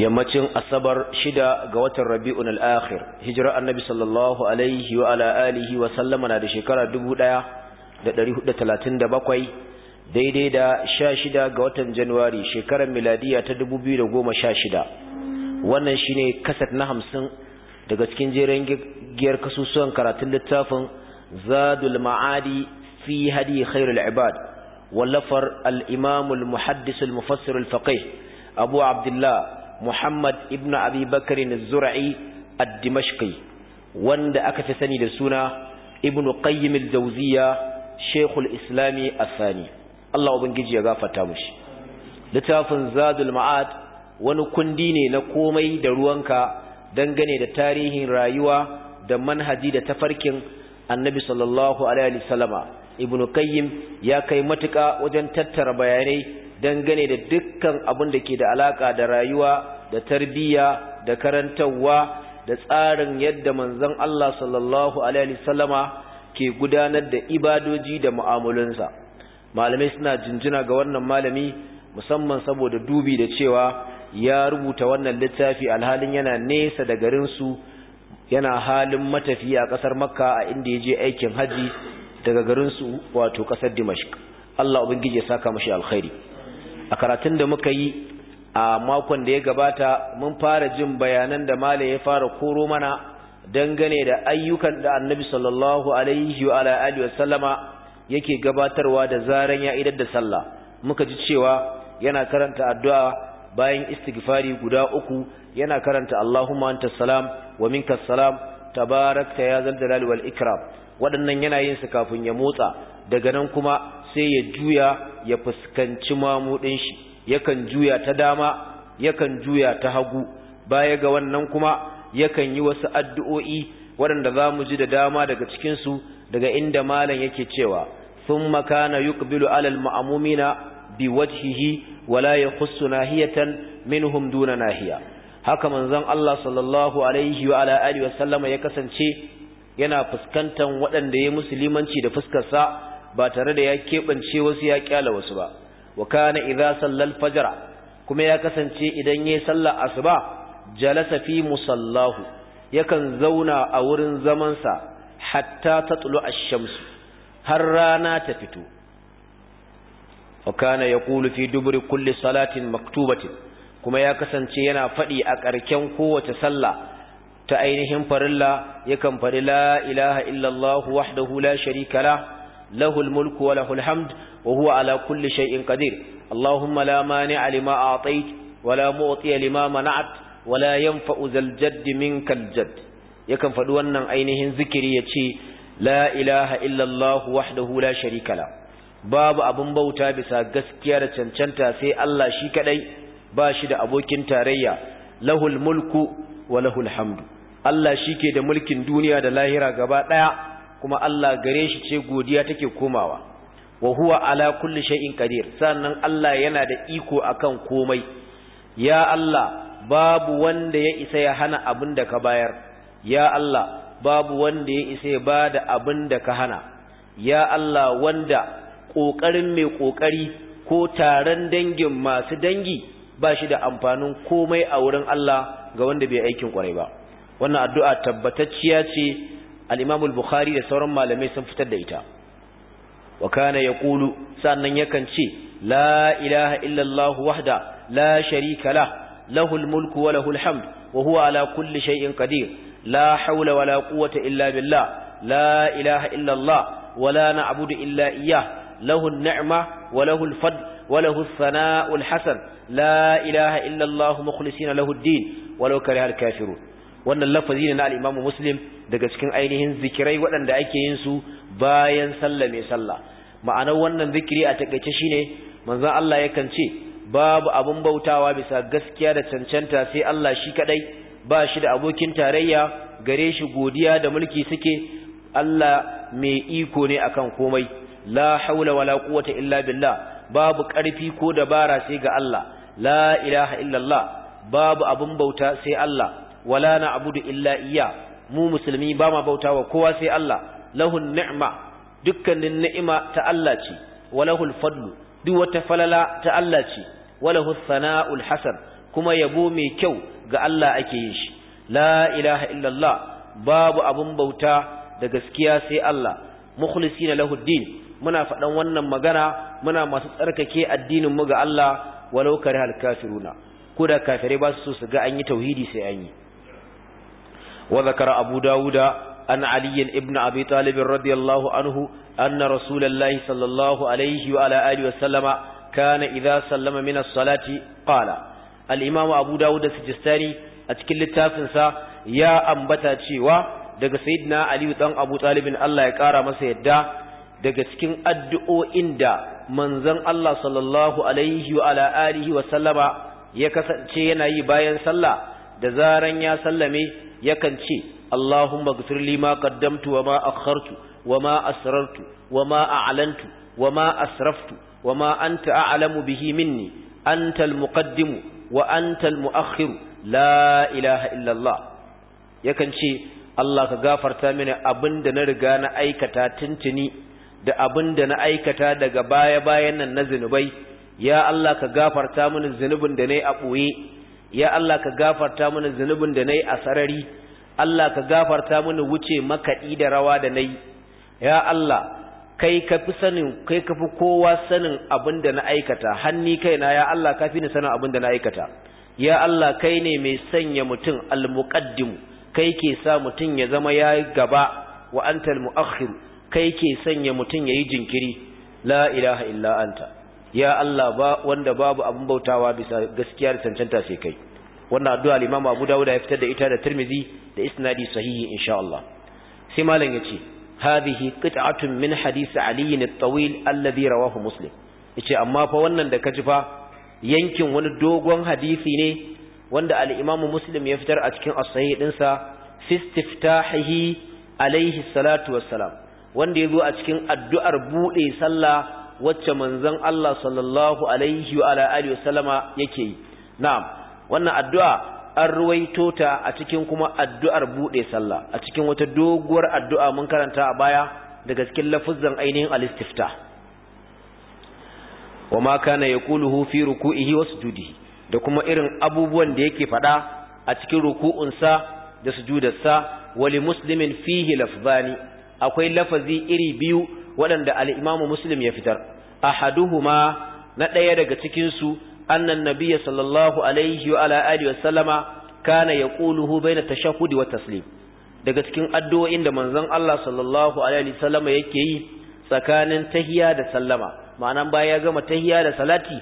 yammacin asabar shida ga watan rabi'un al'akhir hijirar annabi sallallahu alaihi wa ala alihi wa sallama na da shekara 1437 daidai da sha shida ga watan januwari shekarar miladiya ta 2016 wannan shine kasat na hamsin daga cikin jerin giyar kasusuwan karatun littafin zadul ma'adi fi hadi khairul ibad wallafar al-imam al-muhaddis al-mufassir al-faqih abu abdullah Muhammad ibn Abi Bakr zurai ad-Dimashqi wanda aka fi sani da suna Ibn Qayyim al-Jawziyya Sheikh al-Islam Allah ubangiji ya gafarta mushi littafin Zadul Ma'ad wani kundi ne na komai da ruwanka dangane da tarihin rayuwa da manhaji da tafarkin Annabi sallallahu alaihi wasallama Ibn Qayyim ya kai matuƙa wajen tattara bayanai dangane da dukkan abin da ke da alaka da rayuwa da tarbiyya da karantarwa da tsarin yadda manzon Allah sallallahu alaihi wasallama ke gudanar da ibadoji da mu'amalansa malamai suna jinjina ga wannan malami musamman saboda dubi da cewa ya rubuta wannan littafi alhalin yana nesa da garinsu yana halin matafiya a ƙasar makka a inda ya je aikin haji daga garinsu wato ƙasar dimashq Allah ubangiji ya saka mashi alkhairi a karatun da muka yi a makon da ya gabata mun fara jin bayanan da male ya fara koro mana dangane da ayyukan da annabi sallallahu alaihi wa alihi wasallama yake gabatarwa da zaran ya idar da sallah muka ji cewa yana karanta addu'a bayan istighfari guda uku yana karanta Allahumma anta salam wa minka salam tabarakta ya zal jalali wal ikram waɗannan yana yin su kafin ya motsa daga nan kuma sai ya juya ya fuskanci mamudin shi yakan juya ta dama yakan juya ta hagu baya ga wannan kuma yakan yi wasu addu'o'i waɗanda za mu ji da dama daga cikinsu daga inda malam yake cewa sun makana yuqbilu alal ma'amumina bi wajhihi wala ya nahiyatan minhum duna nahiya haka manzon Allah sallallahu alaihi wa ala alihi ya kasance yana fuskantan waɗanda ya musulmanci da fuskarsa ba tare da ya keɓance wasu ya kyala wasu ba wa kana idza sallal fajra kuma ya kasance idan yayi sallar asuba jalasa fi musallahu yakan zauna a wurin zaman sa hatta tatlu ash-shams har rana ta fito wa kana yaqulu fi duburi kulli salatin maktubatin kuma ya kasance yana fadi a ƙarken kowace sallah ta ainihin farilla yakan faɗi la ilaha illallah wahdahu la sharika له الملك وله الحمد وهو على كل شيء قدير اللهم لا مانع لما أعطيت ولا معطي لما منعت ولا ينفع ذا الجد منك الجد يكن فدوانا أينهن ذكري يتشي لا إله إلا الله وحده لا شريك له باب أبن بوتا بسا قسكيارة چنچنتا سي الله شيك لي باشد أبوكين تاريا له الملك وله الحمد الله شيك دا ملك دنيا دا لاهرة قبات kuma Allah gare shi ce godiya take komawa wa huwa ala kulli shay'in qadir sannan Allah yana da iko akan komai ya Allah babu wanda ya isa ya hana abin da ka bayar ya Allah babu wanda ya isa ya bada abin da ka hana ya Allah wanda kokarin mai kokari ko taron dangin masu dangi ba shi da amfanin komai a wurin Allah ga wanda bai aikin kwarai ba wannan addu'a tabbatacciya ce al-Imam al-Bukhari da sauran malamai sun fitar da ita wa kana ƙulu sannan yakan ce la ilaha illa Allah wahda la sharika lah lahul mulku wa lahul hamd wa huwa ala kulli shay'in qadir la hawla wa la quwwata illa billah la ilaha illa Allah wa la na'budu illa iyyah lahu nima wa lahu al-fadl la ilaha الحسن لا إله إلا الله مخلصين له الدين ولو كره الكافرون وأن اللفظين على الإمام مسلم daga cikin ainihin zikirai waɗanda ake yin su bayan sallah mai sallah ma'anar wannan zikiri a takaice shine manzon Allah yakan ce babu abun bautawa bisa gaskiya da cancanta sai Allah shi kadai ba shi da abokin tarayya gare shi godiya da mulki suke Allah mai iko ne akan komai la haula wala quwwata illa billah babu ƙarfi ko dabara sai ga Allah la ilaha illallah babu abin bauta sai Allah wala na abudu illa iya mu musulmi ba ma wa kowa sai Allah lahun ni'ma dukkanin ni'ima ta Allah ce walahul fadlu duk wata falala ta Allah ce walahu sana'ul hasan kuma yabo mai kyau ga Allah ake yin shi la ilaha illallah babu abun bauta da gaskiya sai Allah mukhlisina lahu muna faɗan wannan magana muna masu tsarkake addinin mu ga Allah walau karihal kafiruna ko da kafirai ba su so su ga an yi tauhidi sai an yi وذكر أبو داود أن علي ابن أبي طالب رضي الله عنه أن رسول الله صلى الله عليه وعلى آله وسلم كان إذا سلم من الصلاة قال الإمام أبو داود السجستاني أتكل التافنسا يا أنبتا تشيوا daga sayyidina aliyu dan abu talibin Allah ya kara masa yadda daga cikin addu'o'in da manzon Allah sallallahu alaihi wa ala alihi wa sallama ya kasance yana yi bayan sallah da zaran ya sallame yakan ce Allahumma ghfir li ma qaddamtu wa ma akhartu wa ma asrartu wa ma a'lantu wa ma asraftu wa ma anta a'lamu bihi minni anta al-muqaddimu wa anta al-mu'akhkhiru la ilaha illa Allah yakan ce Allah ka gafarta mini abinda na riga na aikata tuntuni da abinda na aikata daga baya-bayan nan na zinubai ya Allah ka gafarta mini zunubin da nayi a boye ya Allah ka gafarta mana zunubin da nayi a sarari Allah ka gafarta mana wuce makaɗi da rawa da nayi ya Allah kai ka fi sanin kai ka fi kowa sanin abin da na aikata hanni kaina ya Allah ka fi ni sanin abin da na aikata ya Allah kai ne mai sanya mutum almuqaddim kai ke sa mutum ya zama ya gaba wa antal muakhir kai ke sanya mutum yayi jinkiri la ilaha illa anta ya Allah ba wanda babu abin bautawa bisa gaskiya da cancanta sai kai wannan addu'a al-Imam Abu Dawud ya fitar da ita da Tirmidhi da isnadi sahihi insha Allah sai malam yace hadhihi qit'atun min hadith Ali at-tawil alladhi rawahu Muslim yace amma fa wannan da kaji fa yankin wani dogon hadisi ne wanda al-Imam Muslim ya fitar a cikin as-sahih dinsa fi istiftahihi alayhi salatu wassalam wanda yazo a cikin addu'ar bude sallah wacce manzon Allah sallallahu alaihi wa ala alihi wasallama yake yi na'am wannan addu'a an ruwaito ta a cikin kuma addu'ar bude sallah a cikin wata doguwar addu'a mun karanta a baya daga cikin lafuzzan ainihin al wa ma kana yaquluhu fi ruku'ihi wa sujudihi da kuma irin abubuwan da yake fada a cikin ruku'unsa da sujudarsa wali muslimin fihi lafzani akwai lafazi iri biyu waɗanda al'imamu muslim ya fitar ahaduhuma na ɗaya daga cikinsu annan nabiya sallallahu alaihi wa ala'adi wa sallama kana ya ƙuluhu bai na tashahudi wa taslim daga cikin addu'o'in da manzon Allah sallallahu alaihi wa sallama yake yi tsakanin tahiya da sallama ma'anan baya ya gama tahiya da salati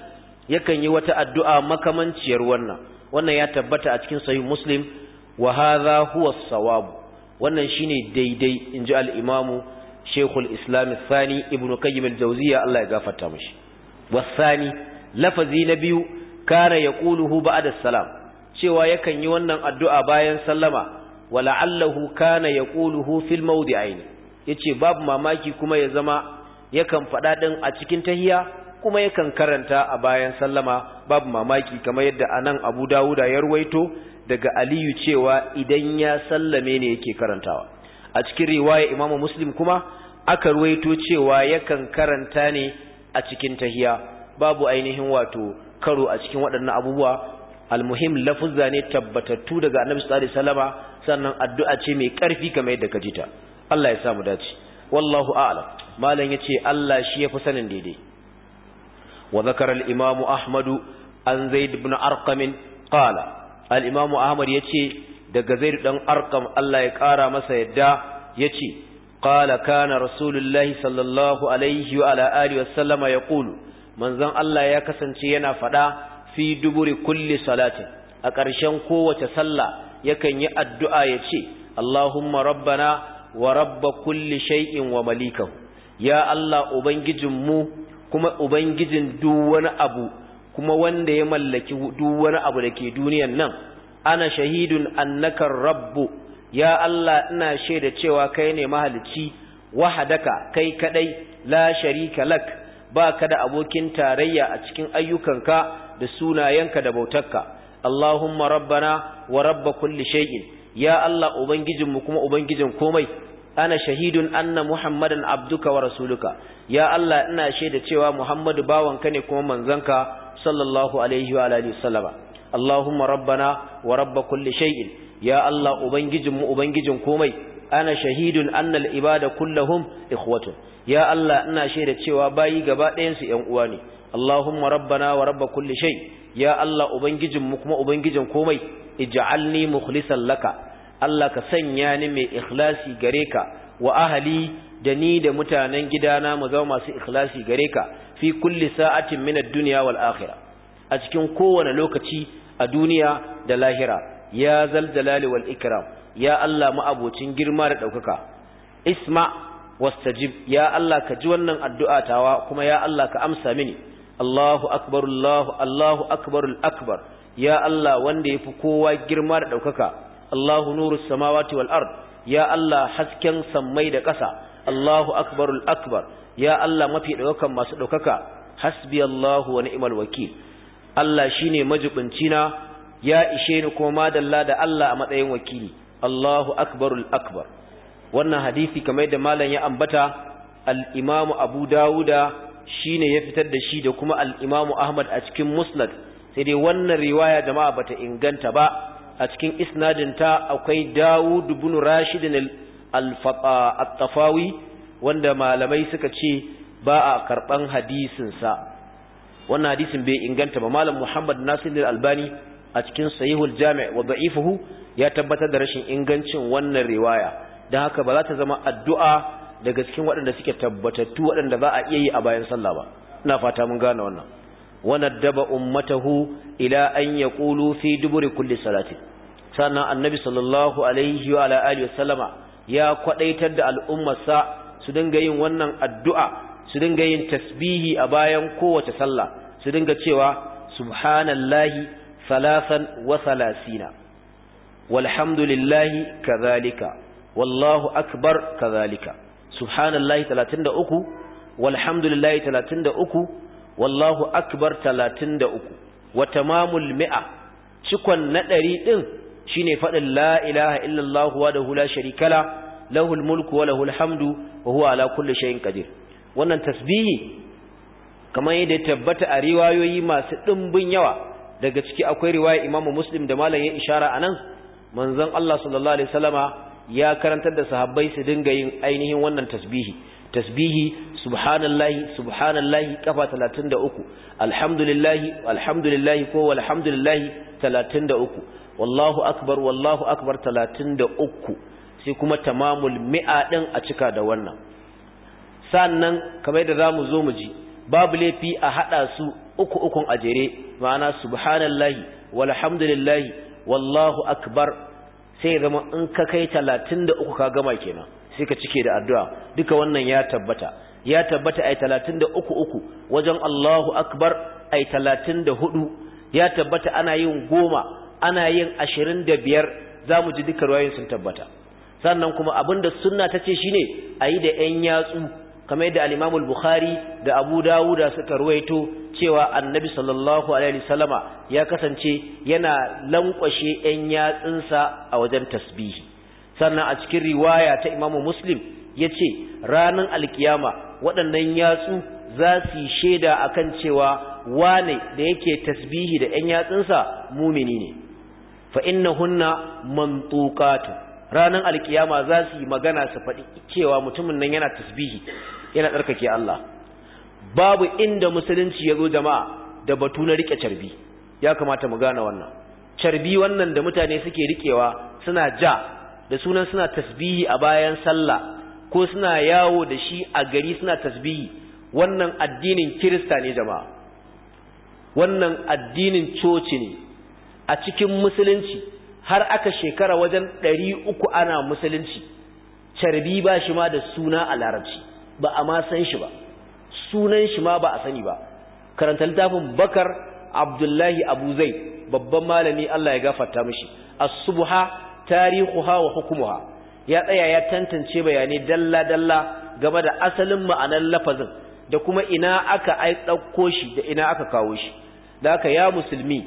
yakan yi wata addu'a makamanciyar wannan wannan ya tabbata a cikin sahih muslim wa hadha huwa wannan shine daidai inji al-imamu shekul islam sani ibn qayyim al-jawziya Allah ya gafarta mishi wasani lafazi na biyu kana yaquluhu ba'da salam cewa yakan yi wannan addu'a bayan sallama wala'allahu kana yaquluhu fil mawdi'aini yace babu mamaki kuma ya zama yakan fada din a cikin tahiya kuma yakan karanta a bayan sallama babu mamaki kamar yadda anan Abu Dawuda ya ruwaito daga Aliyu cewa idan ya sallame ne yake karantawa a cikin riwaya imamu muslim kuma aka ruwaito cewa yakan karanta ne a cikin tahiya babu ainihin wato karo a cikin waɗannan abubuwa almuhim lafuzza ne tabbatattu daga annabi sallallahu alaihi wasallama sannan addu'a ce mai ƙarfi kamar yadda ka ta Allah ya sa mu dace wallahu a'lam malam yace Allah shi yafi sanin daidai wa zakara al-imamu ahmadu an zaid ibn arqam qala al-imamu ahmad yace daga zaid ɗan arƙam Allah ya ƙara masa yadda ya ce, ƙala kana rasulullahi sallallahu alaihi wa wa sallama ya ƙulu, manzon Allah ya kasance yana faɗa fi duburi kulli salatin a ƙarshen kowace sallah yakan yi addu'a ya ce Allahumma rabbana wa rabba kulli shay'in wa malikan. ya Allah ubangijinmu kuma ubangijin duk wani abu kuma wanda ya mallaki duk wani abu da ke duniyan nan ana shahidun annakar rabbu ya Allah ina shaida cewa kai ne mahalicci wahadaka kai kadai la sharika lak ba ka da abokin tarayya a cikin ayyukanka da sunayenka da bautarka Allahumma rabbana wa rabb kulli shay'in ya Allah ubangijinmu kuma ubangijin komai ana shahidun anna muhammadan abduka wa rasuluka ya Allah ina shaida cewa muhammadu bawanka ne kuma manzanka sallallahu alaihi wa alihi wasallama Allahumma rabbana wa rabb kulli shay'in ya Allah ubangijin mu ubangijin komai ana shahidun annal ibada kulluhum ikhwatun ya Allah ina shaida cewa bayi gaba ɗayan su ƴan uwa ne Allahumma rabbana wa rabb kulli shay ya Allah ubangijin mu kuma ubangijin komai ij'alni mukhlishan laka Allah ka sanya ni mai ikhlasi gare ka wa ahali da ni da mutanen gidana mu zama masu ikhlasi gare ka fi kulli sa'atin mina duniya wal akhirah a cikin kowane lokaci a duniya da lahira ya zal wal ikram ya Allah ma'abocin girma da ɗaukaka isma wastajib ya Allah ka ji wannan addu'a tawa kuma ya Allah ka amsa mini Allahu akbar Allahu Allahu akbar akbar ya Allah wanda yafi kowa girma da ɗaukaka Allahu nurus samawati wal ard ya Allah hasken sammai da ƙasa Allahu akbar akbar ya Allah mafi ɗaukakan masu ɗaukaka hasbi Allahu wa ni'mal wakil Allah shi ne majibincina ya ishe ni kuma madalla da Allah a matsayin wakili Allahu akbarul akbar wannan hadisi kamar da malam ya ambata Al'imamu imam Abu Dawuda shine ya fitar da shi da kuma Al'imamu Ahmad a cikin Musnad sai dai wannan riwaya jama'a bata inganta ba a cikin isnadin ta akwai Dawud ibn Rashid al-Tafawi wanda malamai suka ce ba a karban hadisin sa wannan hadisin bai inganta ba malam Muhammad Nasir albani a cikin sahihul jami' wa da'ifuhu ya tabbatar da rashin ingancin wannan riwaya Don haka ba za ta zama addu'a daga cikin waɗanda suke tabbatattu waɗanda za a iya yi a bayan sallah ba ina fata mun gane wannan wanaddaba ummatahu ila an yaqulu fi duburi kulli salati sannan annabi sallallahu alaihi wa alihi wasallama ya kwadaitar da al'ummarsa su dinga yin wannan addu'a su dinga yin tasbihi a bayan kowace sallah su dinga cewa subhanallahi salasan wa salasina walhamdulillahi kazalika wallahu akbar kazalika subhanallahi 33 walhamdulillahi 33 wallahu akbar 33 wa tamamul mi'a cikon na ɗari ɗin shine faɗin la ilaha illallah wahdahu la kala la lahul mulku wa lahul hamdu wa huwa ala kulli shay'in qadir wannan tasbihi kamar yadda ya tabbata a riwayoyi masu ɗumbin yawa daga ciki akwai riwaya imamu muslim da malam ya ishara a nan manzon Allah sallallahu alaihi wasallama ya karantar da sahabbai su dinga yin ainihin wannan tasbihi tasbihi subhanallahi subhanallahi kafa 33 alhamdulillahi alhamdulillahi ko walhamdulillahi 33 wallahu akbar wallahu akbar 33 sai kuma tamamul mi'a din a cika da wannan sannan kamar da zamu zo mu ji babu laifi a hada su uku ukun a jere ma'ana subhanallahi walhamdulillahi wallahu akbar sai zama in ka kai 33 ka gama kenan sai ka cike da addu'a duka wannan ya tabbata ya tabbata ay 33 uku wajen Allahu akbar ay 34 ya tabbata ana yin goma ana yin 25 zamu ji duka ruwayoyin sun tabbata sannan kuma abinda sunna tace shine ayi da 'yan yatsu kamar yadda al-Imam al-Bukhari da Abu Dawuda suka ruwaito cewa Annabi sallallahu alaihi wasallama ya kasance yana lankwashe 'yan yatsinsa a wajen tasbihi sannan a cikin riwaya ta Imam Muslim ce ranan alkiyama waɗannan yatsu za su sheda akan cewa wane da yake tasbihi da 'yan yatsinsa mumini ne fa innahunna mantuqatu ranan alkiyama za su yi magana su faɗi cewa mutumin nan yana tasbihi yana tsarkake Allah babu inda musulunci ya zo jama'a da batu na rike carbi ya kamata mu gane wannan carbi wannan da mutane suke rikewa suna ja da sunan suna tasbihi a bayan sallah ko suna yawo da shi a gari suna tasbihi wannan addinin kirista ne jama'a wannan addinin coci ne a cikin musulunci har aka shekara wajen ɗari uku ana musulunci carbi ba shi ma da suna a larabci ba a ma san shi ba sunan shi ma ba a sani ba karanta littafin bakar abdullahi abu zai babban malami Allah ya gafarta mishi as-subha tarihuha wa hukumuha ya tsaya ya tantance bayanai dalla dalla game da asalin ma'anar lafazin da kuma ina aka ai dauko shi da ina aka kawo shi da aka ya musulmi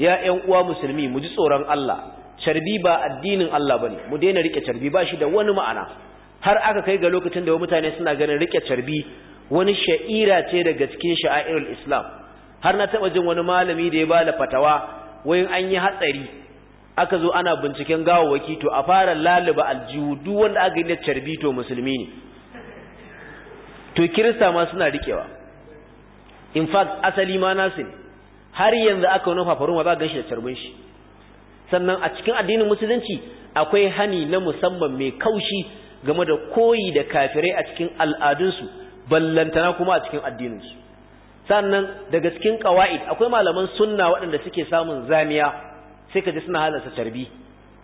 ya ƴan uwa musulmi mu ji tsoron Allah carbi ba addinin Allah bane mu daina riƙe carbi ba shi da wani ma'ana har aka kai ga lokacin da mutane suna ganin rike carbi wani sha'ira ce daga cikin sha'airul islam har na taba jin wani malami da ya ba da fatawa wayin an yi hatsari aka zo ana binciken gawawaki to a fara laluba aljihu duk wanda aka yi da carbi to musulmi ne to kirista ma suna rikewa in fact asali ma nasu ne har yanzu aka wani fafarun ma za gan shi da carbin shi sannan a cikin addinin musulunci akwai hani na musamman mai kaushi game da koyi da kafirai a cikin al'adunsu ballantana kuma a cikin addininsu sannan daga cikin ƙawa'id akwai malaman sunna waɗanda suke samun zamiya sai ka ji suna halarta tarbi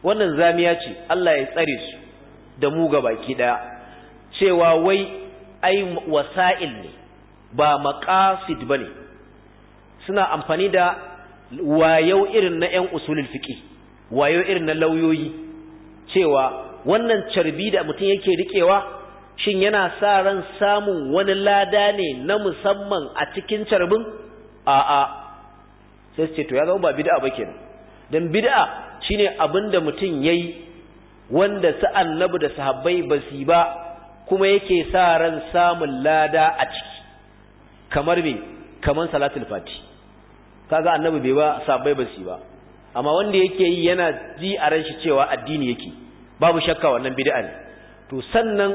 wannan zamiya ce Allah ya tsare su da mu ga baki ɗaya cewa wai ai wasa'il ne ba maqasid bane suna amfani da wayo irin na 'yan usulul fiqi wayo irin na lauyoyi cewa wannan carbi da mutum yake riƙewa shin yana sa ran samun wani lada ne na musamman a cikin carbin a'a sai su ce to ya zama ba bid'a ba kenan dan bid'a shine abin da mutum yayi wanda su annabi da sahabbai ba su ba kuma yake sa ran samun lada a ciki kamar me kamar salatul fati kaga annabi bai ba sahabbai ba su ba amma wanda yake yi yana ji a ran shi cewa addini yake babu shakka wannan bid'a ne to sannan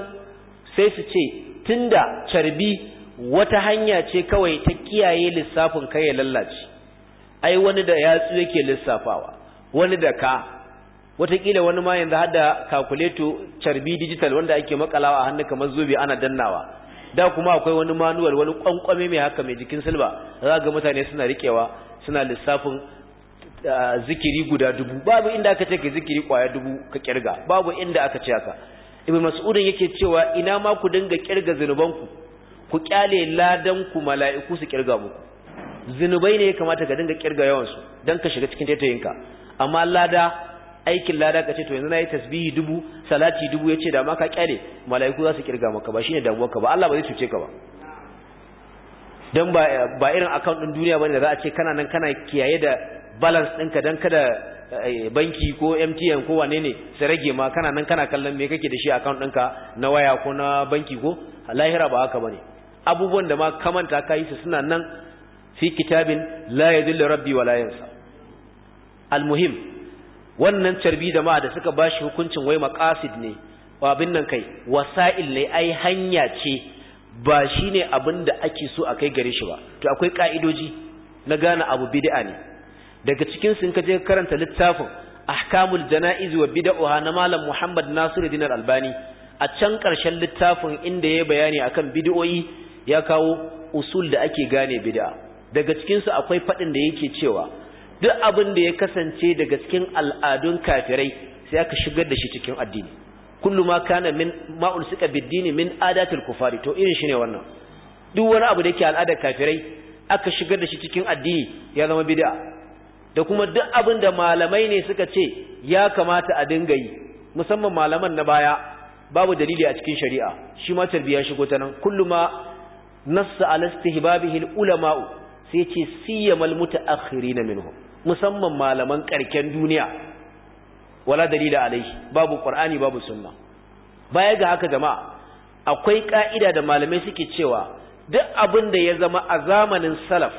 sai su ce tunda carbi wata hanya ce kawai ta kiyaye lissafin kai ya lallace ai wani da yatsu yake lissafawa wani da ka watakila wani ma yanzu hada calculator carbi digital wanda ake makalawa a hannu kamar zobe ana dannawa da kuma akwai wani manual wani kwankwame mai haka mai jikin silba za ga mutane suna rikewa suna lissafin Eh, zikiri guda dubu babu inda aka ce ka zikiri kwaya dubu ka kirga babu inda aka ce haka ibn mas'udin yake cewa ina ma ku dinga kirga zinubanku ku kyale ladan ku mala'iku su kirga muku zinubai ne ya kamata ka dinga kirga yawan su dan ka shiga cikin taitayinka amma lada aikin lada ka ce to yanzu nayi tasbihi dubu salati dubu yace da ma ka kyale mala'iku za su kirga maka ba shine damuwar ka ba Allah ba zai cuce ka ba dan ba ba irin account din duniya bane da za a ce kana nan kana kiyaye da balance ɗinka don kada eh, banki ko MTN ko wane ne su rage ma kana nan kana kallon me kake da shi account ɗinka na waya ko na banki ko lahira ba haka ba ne. abubuwan da ma kamanta ka yi su suna nan fi kitabin la yadullu rabbi wa la yansa almuhim wannan carbi da ma da suka ba shi hukuncin wai maqasid ne abin nan kai wasa'il ne ai hanya ce ba shi ne abin da ake so a kai gare shi ba to akwai ƙa'idoji na gane abu bid'a ne daga cikin sun kaje karanta littafin ahkamul janaiz wa bid'ah na malam Muhammad Nasiruddin Albani a can karshen littafin inda ya bayani akan bid'o'i ya kawo usul da ake gane bid'a daga cikin su akwai fadin da yake cewa duk abin da ya kasance daga cikin al'adun kafirai sai aka shigar da shi cikin addini kullu ma kana min ma ulsika min adatil kufari to irin shine wannan duk wani abu da yake al'adar kafirai aka shigar da shi cikin addini ya zama bid'a da kuma duk abin da malamai ne suka ce ya kamata a dinga yi musamman malaman na baya babu dalili a cikin shari'a shi ma tarbiya shigo ta nan kullu ma nassa ala istihbabihi ulama'u sai ce siyamal mutaakhirin minhu musamman malaman karken duniya wala dalila alai babu qur'ani babu sunna baya ga haka jama'a akwai ka'ida da malamai suke cewa duk abin da ya zama a zamanin salaf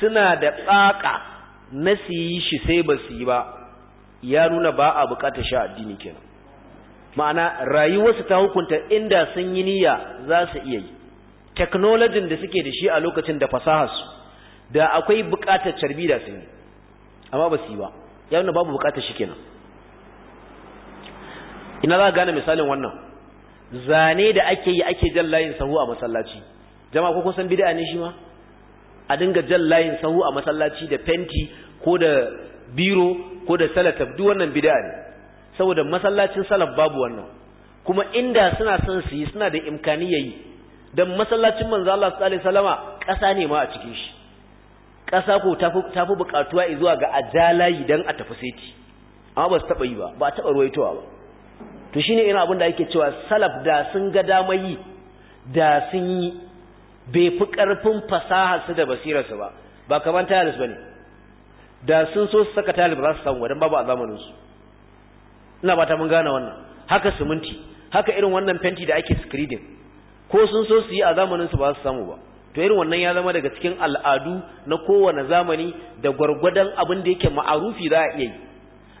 suna da tsaka na su yi shi sai ba su yi ba ya nuna ba a bukatar sha addini kenan ma'ana rayuwarsu ta hukunta inda sun yi niyya za su iya yi teknolojin da suke da shi a lokacin da su da akwai bukatar carbi da sun yi amma ba su yi ba ya nuna babu bukatar shi kenan ina za gane misalin wannan zane da ake yi ake jan layin sahu a masallaci jama'a ko kun san bid'a ne shi ma a dinga jan layin sahu a masallaci da fenti ko da biro ko da salatab duk wannan bid'a ne saboda masallacin salaf babu wannan kuma inda suna son su yi suna da imkani yayi dan masallacin manzo Allah sallallahu alaihi wasallama ƙasa ne ma a cikin shi kasa ko ta fi buƙatuwa zuwa ga ajalayi dan a tafi seti amma ba su taɓa yi ba ba a taɓa ruwaitowa ba to shine irin abin da ake cewa salaf da sun ga damayi da sun yi bai fi ƙarfin su da basirarsu ba ba kamar tayalis ba ne da sun so su saka tayalis za su samu wadan babu a zamaninsu ina ba ta mun gane wannan haka siminti haka irin wannan fenti da ake screeding ko sun so su yi a zamaninsu ba su samu ba to irin wannan ya zama daga cikin al'adu na kowane zamani da gwargwadon abin da yake ma'arufi za a iya yi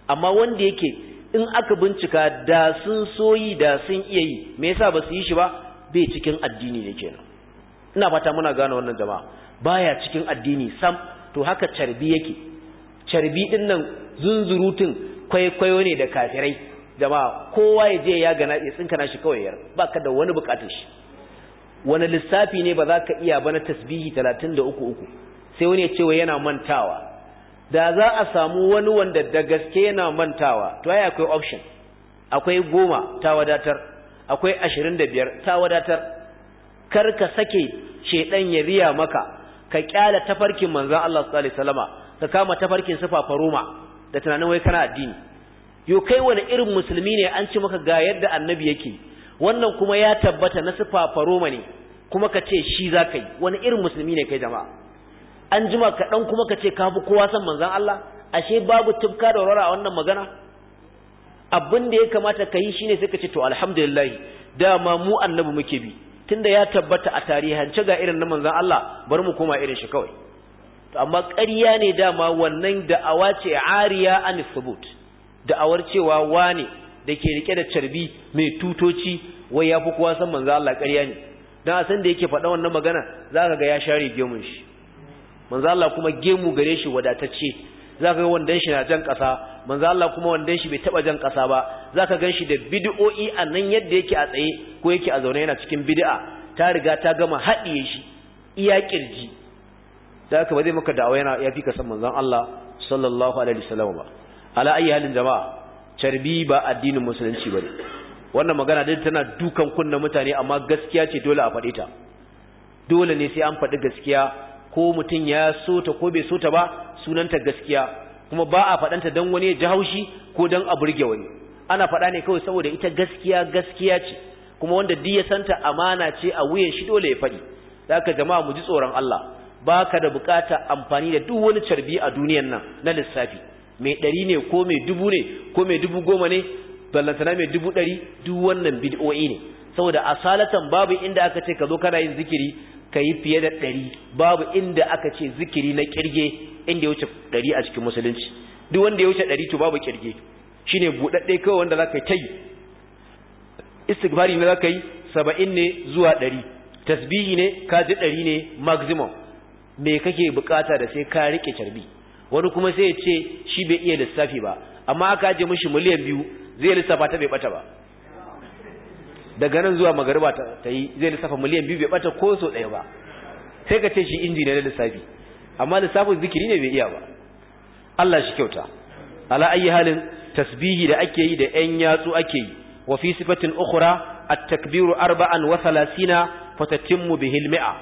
amma wanda yake in aka bincika da sun soyi da sun iya yi me yasa ba su yi shi ba bai cikin addini ne kenan ina fata muna gane wannan jama'a baya cikin addini sam to haka carbi yake carbi din nan zunzurutun kwaikwayo ne da kafirai jama'a kowa ya je ya gana ya tsinkana shi kawai yar baka da wani bukatun shi wani lissafi ne ba za ka iya ba na tasbihi 33 sai wani ya ce wa yana mantawa da za a samu wani wanda da gaske yana mantawa to ai akwai option akwai goma ta wadatar akwai ashirin da biyar ta wadatar kar ka sake shedan ya riya maka ka kyala tafarkin manzon Allah sallallahu alaihi wasallama ka kama tafarkin sufafa Roma da tunanin wai kana addini yo kai wani irin musulmi ne an ci maka ga yadda annabi yake wannan kuma ya tabbata na sufafa ne kuma ka ce shi za yi wani irin musulmi ne kai jama'a an jima kaɗan kuma ka ce ka fi kowa san manzan Allah ashe babu tufka da warara a wannan magana Abinda ya kamata ka yi shine sai ka ce to alhamdulillah dama mu annabi muke bi tunda ya tabbata a tarihance ga irin na manzon Allah bari mu koma irin shi kawai to amma ƙarya ne dama wannan da da'awa ce ariya an da da'awar cewa wane da ke rike da carbi mai tutoci wai ya fi kowa san manzo Allah ƙarya ne dan a san da yake faɗa wannan magana za ga ya share gemun shi manzo Allah kuma gemu gare shi wadatacce zaka ga wandan shi na jan kasa manzo Allah kuma wandan shi bai taba jan kasa ba zaka ganshi da bid'o'i a nan yadda yake a tsaye ko yake a zaune yana cikin bid'a ta riga ta gama haɗiye shi iya kirji zaka ba zai maka da'awa yana yafi ka san manzo Allah sallallahu alaihi wasallam ba ala ayi halin jama'a carbi ba addinin musulunci bane wannan magana dai tana dukan kunna mutane amma gaskiya ce dole a faɗi ta dole ne sai an faɗi gaskiya ko mutum ya so ta ko bai so ta ba sunanta gaskiya kuma ba a faɗanta don wani ya ji haushi ko don a burge wani ana faɗa ne kawai saboda ita gaskiya gaskiya ce kuma wanda duk ya santa amana ce a wuyan shi dole ya faɗi zaka jama'a mu ji tsoron Allah baka da bukata amfani da duk wani carbi a duniyan nan na lissafi mai ɗari ne ko mai dubu ne ko mai dubu goma ne na mai dubu ɗari duk wannan bid'o'i ne saboda asalatan babu inda aka ce ka zo kana yin zikiri ka yi fiye da ɗari babu inda aka ce zikiri na ƙirge inda ya wuce ɗari a cikin musulunci duk wanda ya wuce ɗari to babu kirge shi ne buɗaɗɗe kawai wanda za ka yi ta yi istighfari ne za ka yi saba'in ne zuwa ɗari tasbihi ne ka ji ɗari ne maximum me kake bukata da sai ka riƙe carbi wani kuma sai ya ce shi bai iya lissafi ba amma aka je mishi miliyan biyu zai lissafa ta bai ɓata ba daga nan zuwa magariba ta yi zai lissafa miliyan biyu bai bata ko so ɗaya ba sai ka ce shi inji ne na lissafi amma lissafin zikiri ne bai iya ba Allah shi kyauta ala ayi halin tasbihi da ake yi da ƴan yatsu ake yi wa fi sifatin ukhra at-takbiru arba'an wa thalathina fatatimmu bihil mi'a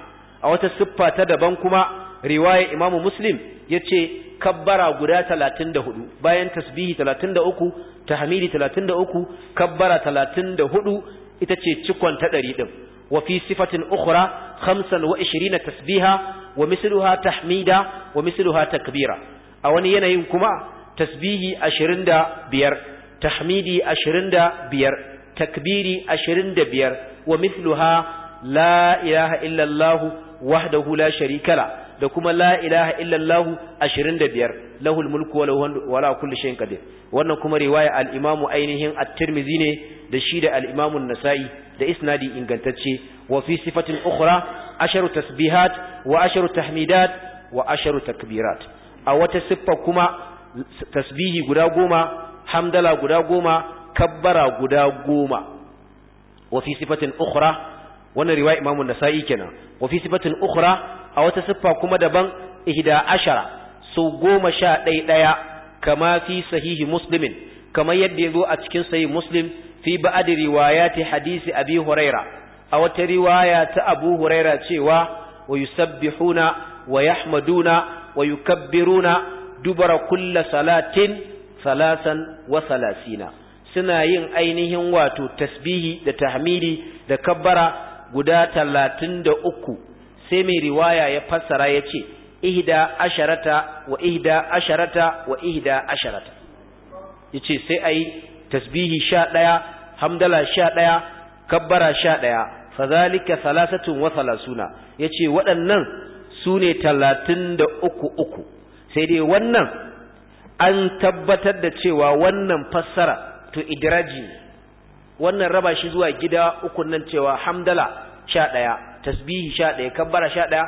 a wata siffa ta daban kuma riwaya Imam Muslim yace kabbara guda 34 bayan tasbihi 33 tahmidi 33 kabbara 34 ita ce cikon ta ɗari ɗin wa fi sifatin ukura, khamsan wa ishirina tasbiha wa misluha tahmida wa misluha takbira a wani yanayin kuma tasbihi ashirin da biyar tahmidi ashirin da biyar takbiri ashirin da biyar wa misluha la ilaha illallah wahdahu la sharika la da kuma la ilaha illallah 25 lahul mulku wa lahu wala kulli shay'in qadir wannan kuma riwaya al-imamu ainihin at-tirmidhi ne da shi da al-Imam an-Nasa'i da isnadi ingantacce wa fi sifatin ukhra asharu tasbihat wa asharu tahmidat wa asharu takbirat a wata siffa kuma tasbihi guda goma hamdala guda goma kabbara guda goma wa fi sifatin ukhra wannan riwaya Imam nasai kenan wa fi sifatin ukhra a wata siffa kuma daban ihda ashara so goma sha ɗaya ɗaya kama fi sahihi muslimin kamar yadda ya zo a cikin sahihi muslim fi ba'd riwayati hadisi abi huraira a wata riwaya ta abu huraira cewa wa yusabbihuna wa yahmaduna wa yukabbiruna dubara kulla salatin salasan wa salasina suna yin ainihin wato tasbihi da tahmidi da kabbara guda talatin da uku sai mai riwaya ya fassara ya ce ihda asharata wa ihda asharata wa ihda asharata ya ce sai a yi tasbihi sha ɗaya hamdala sha ɗaya kabbara sha ɗaya fazalika salasatun wa salasuna yace waɗannan su ne talatin da uku uku sai dai wannan an tabbatar da cewa wannan fassara to idraji wannan raba shi zuwa gida uku nan cewa hamdala sha ɗaya tasbihi sha ɗaya kabbara sha ɗaya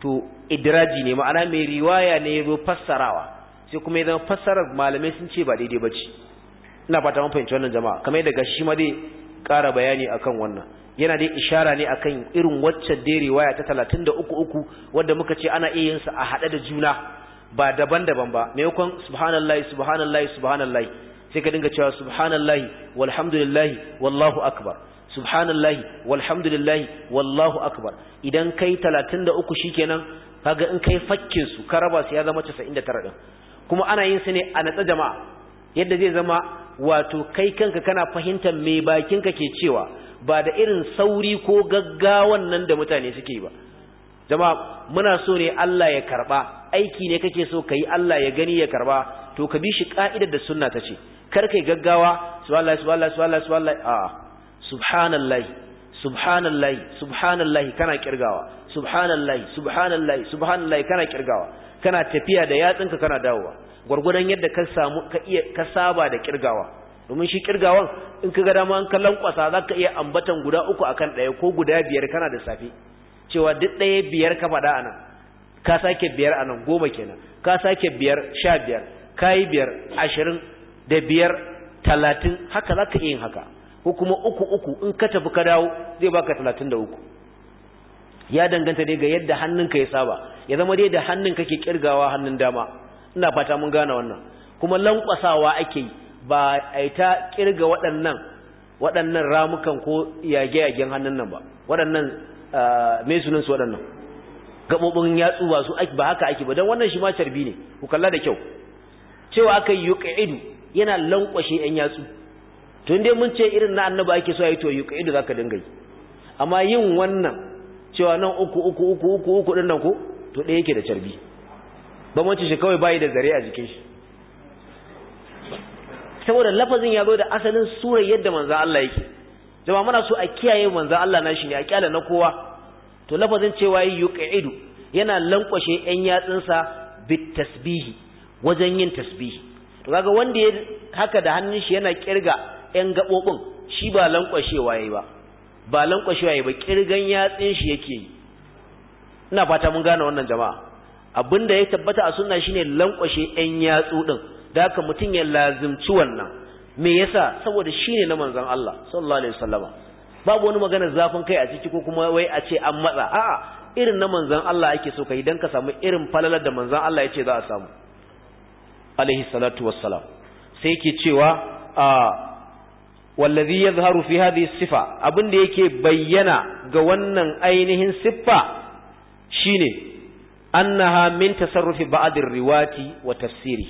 to idraji ne ma'ana mai riwaya ne ya zo fassarawa sai kuma ya zama fassarar malamai sun ce ba daidai ba ce ina fata mun fahimci wannan jama'a kamar yadda gashi ma dai ƙara bayani akan wannan yana dai ishara ne akan irin wacce dai riwaya ta da uku uku wadda muka ce ana iya yin sa a haɗe da juna ba daban-daban ba maimakon subhanallahi subhanallahi subhanallahi sai ka dinga cewa subhanallahi walhamdulillahi wallahu akbar subhanallahi walhamdulillahi wallahu akbar idan kai talatin da 33 shikenan kaga in kai fakke su ka raba su ya zama casa'in da 99 din kuma ana yin sa ne a natsa jama'a yadda zai zama wato kai kanka kana fahimtar me bakinka ke cewa ba da irin sauri ko gaggawan nan da mutane suke ba jama'a muna so ne Allah ya karba aiki ne kake so kai Allah ya gani ya karba to ka bi shi ka'idar da sunna ta ce kar kai gaggawa subhanallahi subhanallahi subhanallahi subhanallahi ah subhanallahi subhanallahi subhanallahi kana kirgawa subhanallahi subhanallahi subhanallahi kana kirgawa kana tafiya da yatsinka kana dawowa gwargwadon yadda ka samu ka iya ka saba da kirgawa domin shi kirgawan in ka ga dama an kallon kwasa ka iya ambatan guda uku akan ɗaya ko guda biyar kana da safe cewa duk ɗaya biyar ka faɗa nan, ka sake biyar a nan goma kenan ka sake biyar sha biyar ka yi biyar ashirin da biyar talatin haka za ka iya yin haka ko kuma uku uku in ka tafi ka dawo zai baka talatin da uku ya danganta ne ga yadda hannunka ya saba ya zama dai da hannun kake kirgawa hannun dama ina fata mun gane wannan kuma lankwasawa ake ba a yi ta kirga waɗannan waɗannan ramukan ko yage-yagen hannun nan ba waɗannan mesunan su waɗannan gaɓoɓin yatsu ba su ba haka ake ba don wannan shi ma carbi ne ku kalla da kyau cewa aka yi yuka idu yana lankwashe yan yatsu to indai mun ce irin na annaba ake so yayi to za ka dinga yi amma yin wannan cewa nan uku uku uku uku uku din nan ko to ɗaya yake da carbi bambancin shi kawai bayi da zare a jikin shi saboda lafazin ya zo da asalin surar yadda manzo Allah yake jama'a muna so a kiyaye manzo Allah nashi ne a kyala na kowa to lafazin cewa yuqidu yana lankwashe yan yatsunsa bit tasbihi wajen yin tasbihi to kaga wanda ya haka da hannun shi yana kirga yan gabobin shi ba lankwashewa yayi ba ba lankwashewa yayi ba kirgan yatsun shi yake yi ina fata mun gane wannan jama'a Abin da ya tabbata a sunna shine lankwashe yan yatsu din da haka mutum ya lazimci wannan me yasa saboda shine na manzon Allah sallallahu alaihi wasallama babu wani magana zafin kai a ciki ko kuma wai a ce an matsa a'a irin na manzon Allah ake so kai dan ka samu irin falalar da manzon Allah yace za a samu alaihi salatu wassalam sai yake cewa a wallazi yadhharu fi hadhihi sifa abin da yake bayyana ga wannan ainihin siffa shine annaha min tasarrufi ba'dir riwati wa tafsiri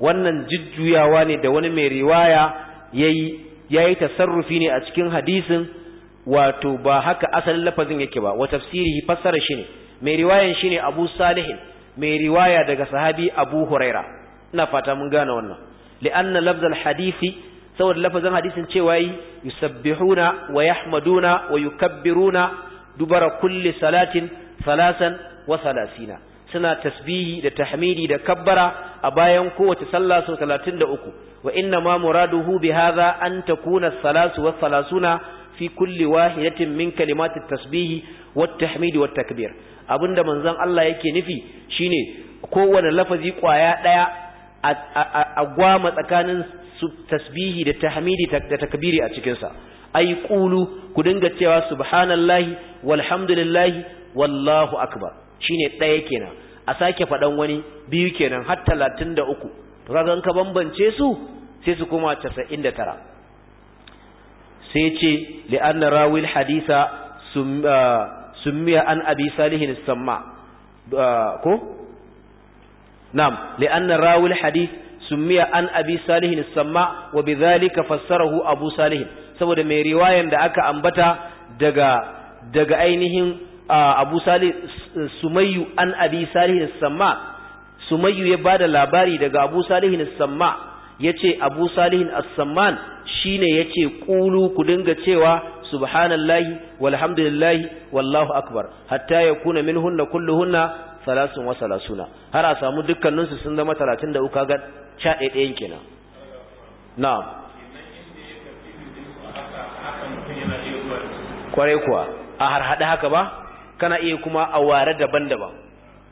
wannan jujjuyawa ne da wani mai riwaya yayi yayi tasarrufi ne a cikin hadisin wato ba haka asalin lafazin yake ba wa tafsiri fassara shi ne mai riwayan shi ne Abu Salih mai riwaya daga sahabi Abu Huraira ina fata mun gane wannan li'anna lafzal hadisi saboda lafazin hadisin cewa yi yusabbihuna wa yahmaduna wa yukabbiruna dubara kulli salatin salasan Wasalasina suna tasbihi da tahmidi da kabbara a bayan kowace sallah sau talatin da uku wa inna ma muraduhu bi hadha an takuna salasu wa salasuna fi kulli wahidatin min kalimati tasbihi wa tahmidi wa takbir abinda manzon Allah yake nufi shine kowane lafazi kwaya daya a gwama tsakanin tasbihi da tahmidi da takbiri a cikin sa ay qulu ku dinga cewa subhanallahi walhamdulillahi wallahu akbar shine ɗaya kenan a sake faɗan wani biyu kenan har talatin da uku to kaga ka bambance su sai su koma casa'in da tara sai ce li'anna rawil hadisa ah, summiya an abi salihin samma ah, ko na'am li'anna rawil hadis summiya an abi salihin samma wa zalika fassarahu abu salihin saboda mai riwayan da aka ambata daga daga ainihin ah, abu salih sumayyu an abi salihin samma sumayyu ya bada labari daga abu salihin samma yace abu salihin as-samman shine yace qulu ku dinga cewa subhanallahi walhamdulillahi wallahu akbar hatta yakuna minhunna kulluhunna salasun wa salasuna har a samu dukkaninsu sun zama 33 kaga cha ɗayan kenan na'am kwarai kuwa a harhaɗe haka ba kana iya kuma a ware daban-daban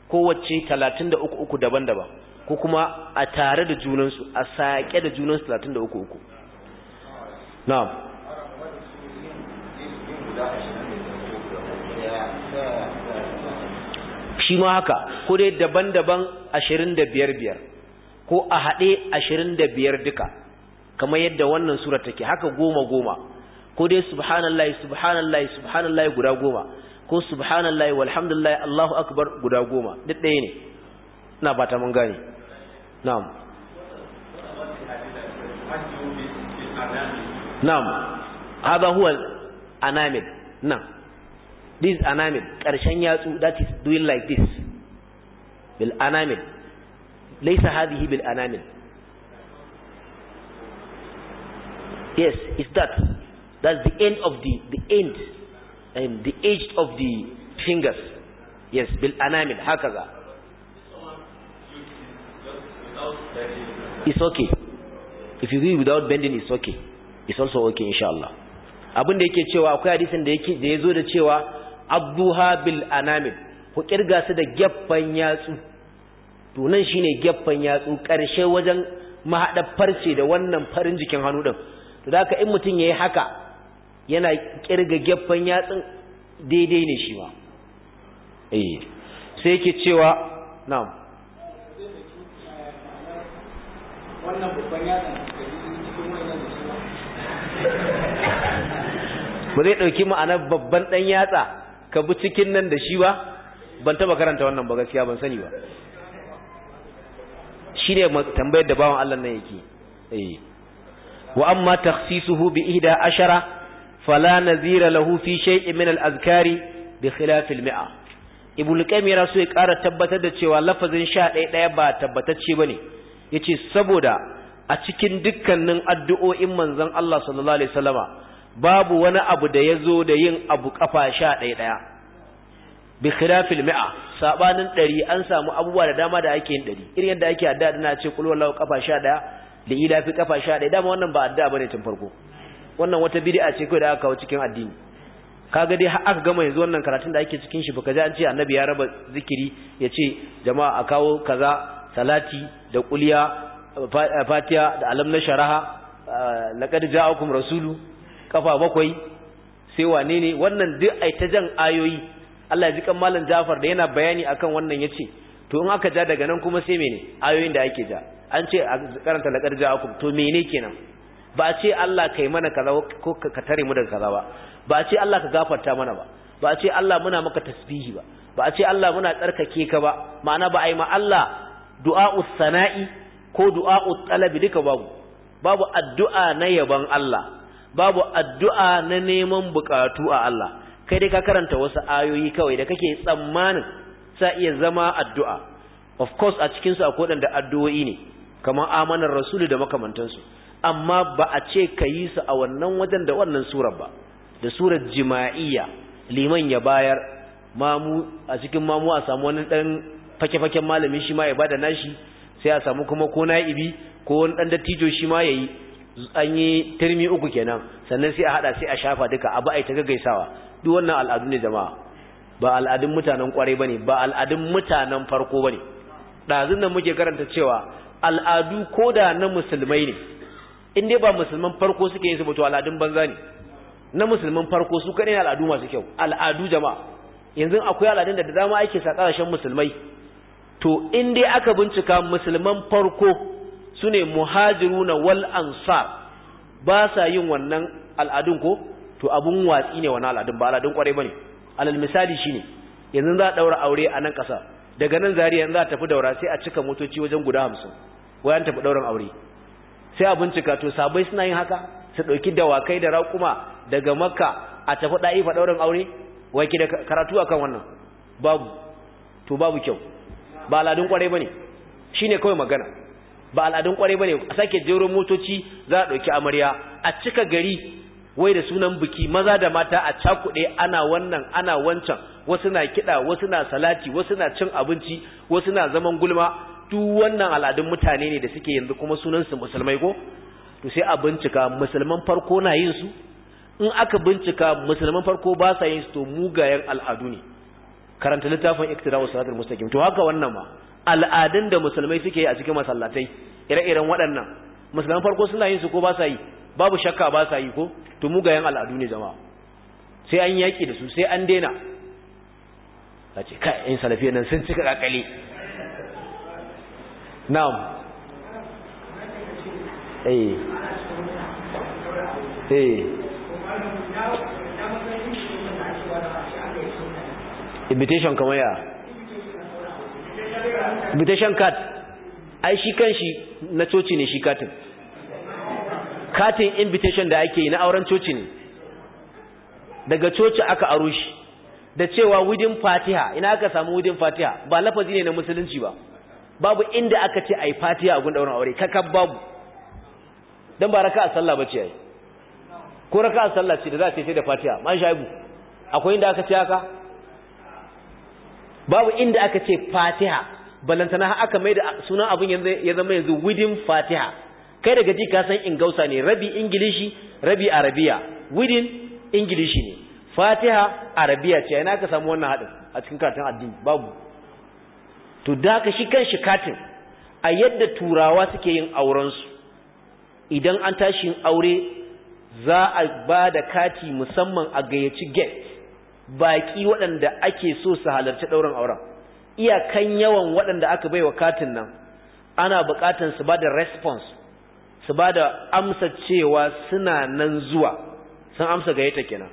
kowace talatin da uku uku daban-daban ko kuma a tare da junansu a saƙe da junansu talatin da uku uku na'am shi ma haka ko dai daban-daban ashirin da biyar biyar ko a haɗe ashirin da biyar duka kamar yadda wannan sura take haka goma goma ko dai subhanallah subhanallah subhanallah guda goma ko subhanallahi walhamdulillahi Allahu akbar guda goma duk ɗaya ne ina fata mun gane na'am na'am hada huwa anamid na'am this anamid ƙarshen yatsu that is doing like this bil anamid laysa hadhihi bil anamid yes is that that's the end of the the end and the edge of the fingers yes bil anamil hakaza it's okay if you read without bending it's okay it's also okay inshallah abin da yake cewa akwai hadisin da yake da yazo da cewa abduha bil anamil ku kirga su da gaffan yatsu to nan shine gaffan yatsu karshe wajen mahadar farce da wannan farin jikin hannu din to da haka in mutun yayi haka yana kirga gefen yatsin daidai ne shi ba. eh sai yake cewa na'am wannan babban ba zai dauki ma'anar babban dan yatsa ka bi cikin nan da shi ba ban taba karanta wannan ba gaskiya ban sani ba ne tambayar da bawan Allah nan yake eh wa amma takhsisuhu bi ihda ashara fala nazira lahu fi shay'in min azkari bi khilaf al-mi'a ya so ya ƙara tabbatar da cewa lafazin 11 ɗaya ba tabbatacce bane yace saboda a cikin dukkanin addu'o'in manzon Allah sallallahu alaihi wasallama babu wani abu da yazo da yin abu kafa 11 ɗaya bi khilaf al sabanin ɗari an samu abubuwa da dama da ake yin ɗari irin yadda ake adda dana ce kulwar lau kafa sha ɗaya da ila fi kafa sha dama wannan ba adda bane tun farko wannan wata bid'a ce kawai da aka kawo cikin addini kaga dai aka gama yanzu wannan karatun da ake cikin shi baka ji an ce annabi ya raba zikiri ya ce jama'a a kawo kaza salati da kulya fatiha da alam na sharaha eh, laqad ja'akum rasulu kafa bakwai sai wane ne wannan duk ai ta jan ayoyi Allah ya ji kan malam Jafar da yana bayani akan wannan yace to in aka ja daga nan kuma sai mene ayoyin da ake ja an ce a karanta laqad ja'akum to mene kenan ba ce Allah ka yi mana kaza ko ka tare mu daga kaza ba ba ce Allah ka gafarta mana ba ba ce Allah muna maka tasbihi ba ba ce Allah muna tsarkake ka ba ma'ana ba a yi ma Allah du'a'u sana'i ko du'a'u talabi duka babu babu addu'a na yaban Allah babu addu'a na neman bukatu a Allah kai dai ka karanta wasu ayoyi kawai da kake tsammanin sa iya zama addu'a of course a cikin su akwai da addu'o'i ne kamar amanar rasulu da makamantansu amma ba a ce ka yi su a wannan wajen da wannan surar ba da surar jima'iyya liman ya bayar mamu a cikin mamu a samu wani dan fake-faken malamin shi ma ya bada nashi sai a samu kuma ko na'ibi ko wani dan dattijo shi ma yayi an yi turmi uku kenan sannan sai a hada sai a shafa duka abu ai ta gaggaisawa duk wannan al'adu ne jama'a ba al'adun mutanen kwarai bane ba al'adun mutanen farko bane dazun nan muke karanta cewa al'adu koda na musulmai ne in dai ba musulman farko suke yin su to al'adun banza ne na musulman farko su kaɗai al'adu masu kyau al'adu jama'a yanzu akwai al'adun da dama ake sa shan musulmai to in dai aka bincika musulman farko su ne muhajiruna wal ansar ba sa yin wannan al'adun ko to abun watsi ne wannan al'adun ba al'adun kwarai bane alal misali shine yanzu za a daura aure a nan ƙasa daga nan zariya yanzu za ta tafi daura sai a cika motoci wajen guda hamsin wayan tafi dauran aure sai a bincika to sabai suna yin haka su ɗauki dawakai da raƙuma daga makka a tafi ɗa'i fa ɗaurin aure waki da karatu akan wannan babu to babu kyau ba al'adun ƙwarai ba ne shi ne kawai magana ba al'adun ƙwarai ba a sake jerin motoci za a ɗauki amarya a cika gari wai da sunan biki maza da mata a cakuɗe ana wannan ana wancan wasu na kiɗa wasu na salati wasu na cin abinci wasu na zaman gulma duk wannan al'adun mutane ne da suke yanzu kuma sunansu musulmai ko to sai a bincika musulman farko na yin su in aka bincika musulman farko ba sa yin su to mugayen al'adu ne karanta littafin iktidawu salatul mustaqim to haka wannan ma al'adun da musulmai suke yi a cikin masallatai ire-iren waɗannan musulman farko suna yin su ko ba sa yi babu shakka ba sa yi ko to mugayen al'adu ne jama'a sai an yaki da su sai an daina a ce kai in salafiyan nan sun cika kakali na'am eh eh invitation kamar ya invitation card ai shi kanshi na coci ne shi katin katin invitation da ake yi na auren coci ne daga coci aka aro shi da cewa wudin fatiha ina aka samu wudin fatiha ba lafazi ne na musulunci ba babu inda aka ce ai fatiha a gun daurin aure kakab babu dan ba raka'a sallah ce ai ko a sallah ce da za ta ce da fatiha sha shaibu akwai inda aka ce haka babu inda aka ce fatiha balantana aka mai da sunan abin yanzu ya zama yanzu within fatiha kai daga ji ka san ingausa ne rabi ingilishi rabi arabiya within ingilishi ne fatiha arabiya ce ina ka samu wannan hadin a cikin karatun addini babu to da ka shi kan shi katin a yadda turawa suke yin aurensu idan an tashi yin aure za a ba da kati musamman a gayyaci guest baƙi waɗanda ake so su halarci ɗaurin auren iyakan yawan waɗanda aka baiwa katin nan ana buƙatar su ba da response su ba da amsa cewa suna nan zuwa sun amsa gayyata kenan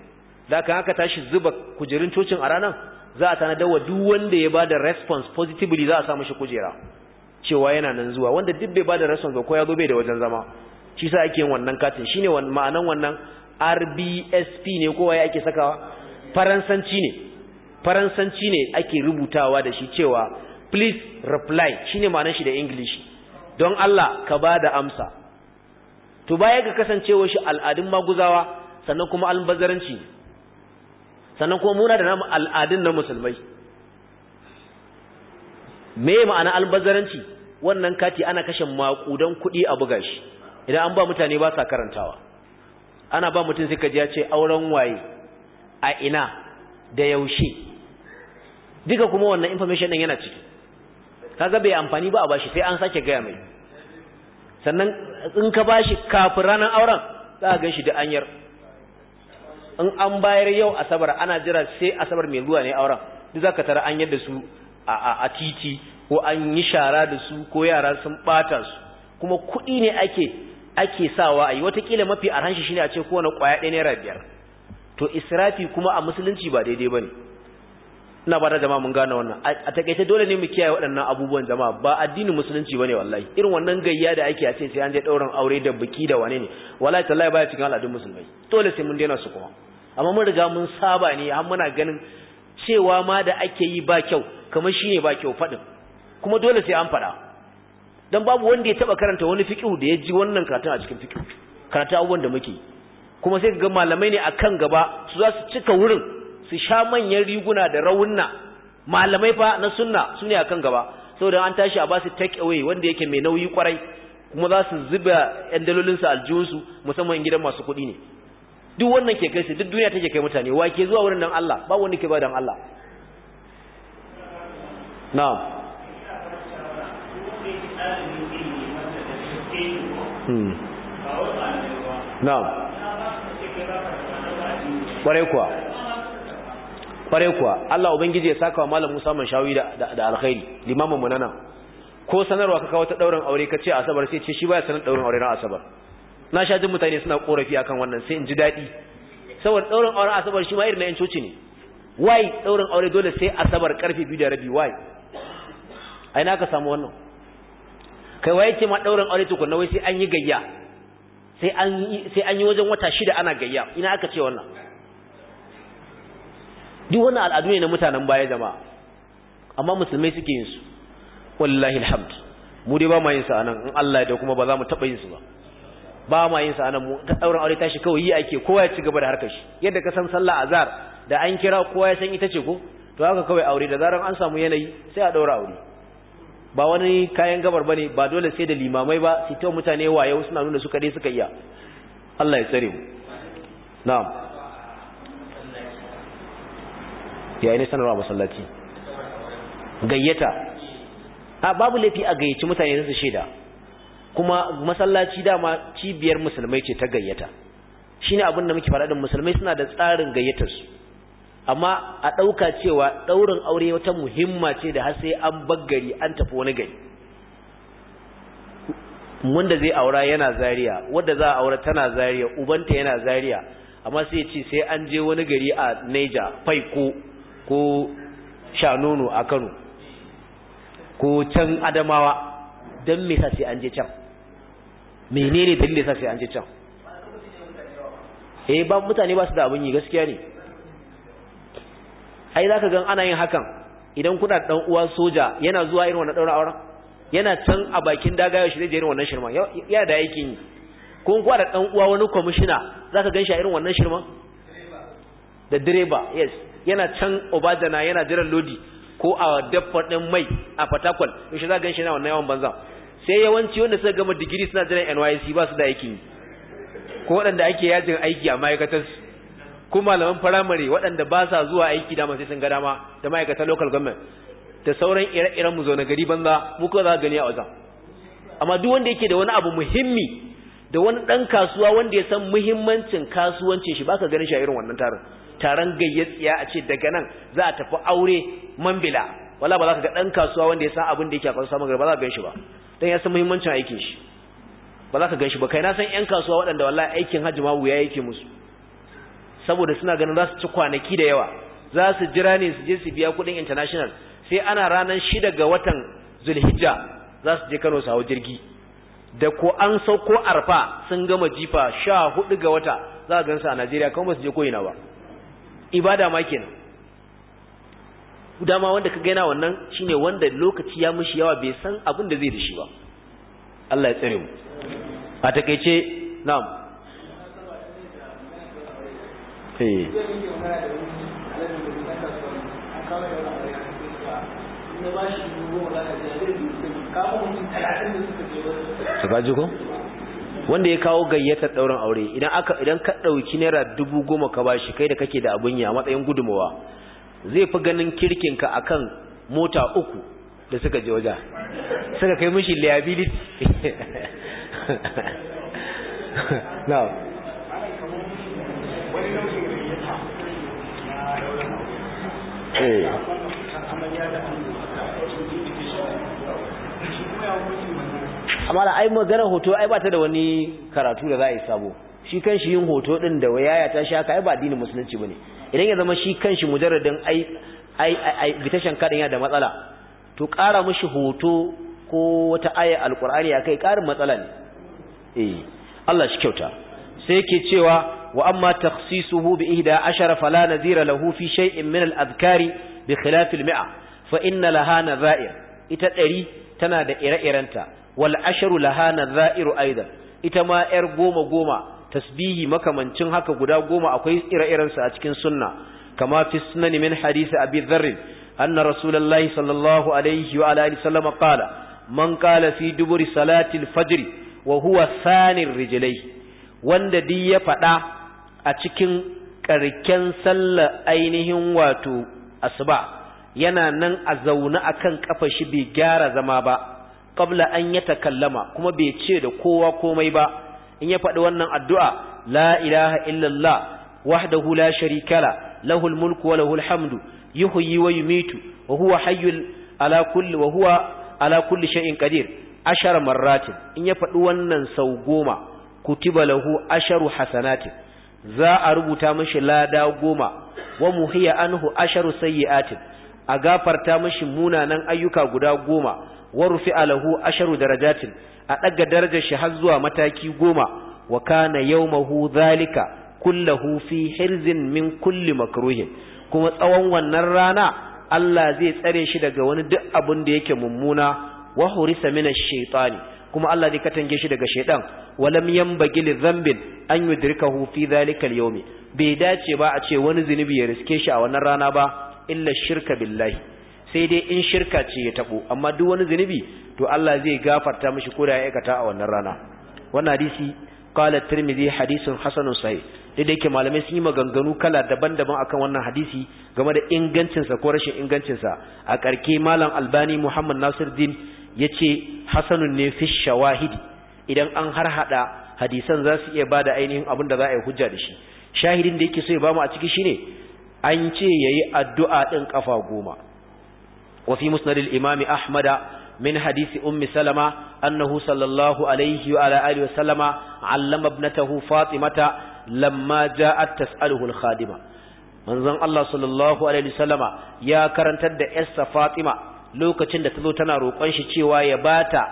da kan haka tashi zuba kujerun cocin a ranar za a tana wa duk wanda ya ba da response positively za a samu shi kujera cewa yana nan zuwa wanda duk bai da response ba ko ya zo bai da wajen zama shi sa ake yin wannan katin shine ma'anan wannan RBSP ne kowa ya ake sakawa faransanci ne faransanci ne ake rubutawa da shi cewa please reply shine ma'anan shi da english don Allah ka ba da amsa to baya ga kasancewar shi al'adun maguzawa sannan kuma albazaranci sannan kuma muna da namu al'adun na musulmai me ma'ana albazaranci wannan kati ana kashe makudan kuɗi a buga shi idan an ba mutane ba sa karantawa ana ba mutum sai kaji ya ce auren waye a ina da yaushe duka kuma wannan information din yana ciki kaga bai amfani ba a bashi sai an sake gaya mai sannan in ka bashi kafin ranar auren za a gan shi da anyar in an bayar yau asabar ana jira sai asabar mai zuwa ne auren duk zaka tara an yadda su a titi ko an yi shara da su ko yara sun bata su kuma kuɗi ne ake ake sawa a yi watakila mafi arhanshi shine a ce wani ƙwaya ɗaya naira biyar to israfi kuma a musulunci ba daidai ba ne ina ba da jama'a mun gane wannan a takaice dole ne mu kiyaye waɗannan abubuwan jama'a ba addinin musulunci bane wallahi irin wannan gayya da ake a ce sai an je ɗaurin aure da biki da wane ne wallahi tallahi baya cikin al'adun musulmai dole sai mun daina su kuma amma mun riga mun saba ne har muna ganin cewa ma da ake yi ba kyau kamar shine ba kyau fadin kuma dole sai an fada dan babu wanda ya taba karanta wani fiqhu da ya ji wannan karatun a cikin fiqhu karatu abubuwan da muke kuma sai ga malamai ne akan gaba su za su cika wurin su sha manyan riguna da rawunna malamai fa na sunna su ne akan gaba saboda an tashi a basu su take away wanda yake mai nauyi kwarai kuma za su zuba yan dalolinsu aljihunsu musamman gidan masu kuɗi ne duk wannan ke kai sai duk duniya take kai mutane wa ke zuwa wurin dan Allah ba wani ke ba dan Allah na'am hmm. na'am kware kuwa kware kuwa Allah ubangiji ya saka wa malam Musa man shawi da da alkhairi limamin munana ko sanarwa ka kawo ta dauran aure ka ce asabar sai ce shi baya sanar dauran aure na asabar na sha jin mutane suna korafi akan wannan sai in ji daɗi saboda ɗaurin auren asabar shi ma irin na yan coci ne why ɗaurin aure dole sai asabar karfe biyu da rabi why ai na ka samu wannan kai waye ce ma ɗaurin aure tukunna wai sai an yi gayya sai an yi wajen wata shida ana gayya ina aka ce wannan duk wannan al'adu ne na mutanen baya jama'a amma musulmai suke yin su wallahi alhamd mu dai ba ma yin sa anan in Allah ya da kuma ba za mu taɓa yin su ba ba ma yin sa anan mu ta daura aure tashi kawai yi ake kowa ya ci gaba da harkar shi yadda ka san sallah azhar da an kira kowa ya san ita ce ko to haka kawai aure da zaran an samu yanayi sai a daura aure ba wani kayan gabar bane ba dole sai da limamai ba su ta mutane wayo suna nuna suka dai suka iya Allah ya tsare mu na'am ya ne sanarwa masallaci gayyata a babu laifi a gayyaci mutane su shaida kuma masallaci dama cibiyar musulmai ce ta gayyata shine abin da muke faradin, musulmai suna da tsarin gayyatar su amma a ɗauka cewa ɗaurin aure wata muhimma ce da har sai an baggari an tafi wani gari wanda zai aura yana zariya wadda za a aura tana zariya ubanta yana zariya amma sai ce sai an je wani gari a Niger Fai ko Shanono a Kano ko can Adamawa don me sai an je can menene dalilin sa sai an ji can eh ba mutane ba su da abin yi gaskiya ne ai zaka gan ana yin hakan idan kuna dan uwa soja yana zuwa irin wannan daura auren yana can a bakin daga ya shirye irin wannan shirman ya da aikin yi ko kuwa da dan uwa wani commissioner zaka gan shi irin wannan shirman da direba yes yana can obajana yana jiran lodi ko a dabbar din mai a fatakwal yaushe za gan shi na wannan yawan banza sai yawanci wanda suka gama digiri suna jiran NYC ba su da aikin ko waɗanda ake yajin aiki a ma'aikatar ko malaman firamare waɗanda ba sa zuwa aiki dama sai sun ga dama da ma'aikatar local government da sauran ire-iren mu zaune gari banza mu ko za gani a wajen amma duk wanda yake da wani abu muhimmi da wani dan kasuwa wanda ya san muhimmancin kasuwancin shi baka ganin shi a irin wannan taron taron gayyatsiya a ce daga nan za a tafi aure mambila wala ba za ka ga dan kasuwa wanda ya san abin da yake a kasuwa magana ba za ka gan shi ba dan ya san muhimmancin aikin shi ba za ka ganshi ba kai na san ƴan kasuwa waɗanda wallahi aikin hajji ma wuya yake musu saboda suna ganin za su ci kwanaki da yawa za su jira ne su je su biya kuɗin international sai ana ranar shida ga watan zulhijja za su je kano su hau jirgi da ko an sauko arfa sun gama jifa sha hudu ga wata za a gansu a najeriya kawai ba su je koyina ba ibada ma kenan dama wanda ka yana wannan shine wanda lokaci ya mishi yawa bai san abin da zai da shi ba Allah ya tsare mu a takeice na'am eh Sakaji ko? Wanda ya kawo gayyatar ɗaurin aure, idan ka ɗauki naira dubu goma ka bashi kai da kake da abun a matsayin gudumawa, zai fi ganin kirkinka kan mota uku da suka je waje suka kai mishi liability now eh. amma da ai maganar hoto ai ba ta da wani karatu da za a yi sabo shi kan shi yin hoto din da wayaya ta shaka ai ba addinin musulunci bane idan ya zama shi kanshi mujarradin ai ai ai bitashan kadan yana da matsala to ƙara mishi hoto ko wata aya alqur'ani akai ƙarin matsala ne eh Allah shi kyauta sai yake cewa wa amma takhsisuhu bi ashara, fala nazira lahu fi shay'in min al-adhkari bi khilaf al-mi'a fa inna laha nadha'ir ita ɗari tana da ire-irenta wal ashru laha nadha'iru aidan ita ma yar goma goma tasbihi makamancin haka guda goma akwai ire-iren a cikin sunna kama fi sunan min hadisi abi dharr anna rasulullahi sallallahu alaihi wa alihi sallam qala man qala fi duburi salati al-fajr wa huwa sanir rijlai wanda di ya fada a cikin karken sallar ainihin wato asuba yana nan a zaune akan ƙafa shi bai gyara zama ba qabla an yatakallama kuma bai ce da kowa komai ba in ya faɗi wannan addu'a la ilaha illallah wahdahu la kala la lahul mulku wa lahul hamdu yuhyi wa yumitu wa huwa hayyul ala kulli wa huwa ala kulli shay'in qadir ashar marratin in ya faɗi wannan sau goma kutiba lahu asharu hasanatin za a rubuta mashi lada goma wa muhiya anhu asharu sayyi'atin a gafarta mashi munanan ayyuka guda goma wa rufi alahu asharu darajatin a ɗaga darajar shi har zuwa mataki goma wa kana yawmahu zalika kullahu fi hirzin min kulli makruhin kuma tsawon wannan rana Allah zai tsare shi daga wani duk abin da yake mummuna wa hurisa minash shaitani kuma Allah zai katange shi daga shaitan walam yanbaghi dhanbin an yudrikahu fi zalika al bai dace ba a ce wani zinubi ya riske shi a wannan rana ba illa shirka billahi sai dai in shirka ce ya tabo amma duk wani zunubi to Allah zai gafarta mishi ko da ya aikata a wannan rana wannan hadisi qala tirmidhi hadisun hasanun sahih dai ke malamai sun yi maganganu kala daban-daban akan wannan hadisi game da ingancin sa ko rashin ingancin sa a karke malam albani muhammad nasiruddin yace hasanun ne fi shawahidi idan an harhada hadisan za su iya bada ainihin abin da za a yi hujja da shi shahidin da yake so ya bamu a ciki ne. an ce ya yi addu'a ɗin ƙafa goma wa fi musnad al ahmad min hadisi ummi salama annahu sallallahu alaihi wa ala alihi wa salama allama ibnatahu fatimata lamma ja'at tas'aluhu al-khadima manzon Allah sallallahu alaihi wa Salama ya karantar da yarsa fatima lokacin da ta zo tana roƙon shi cewa ya bata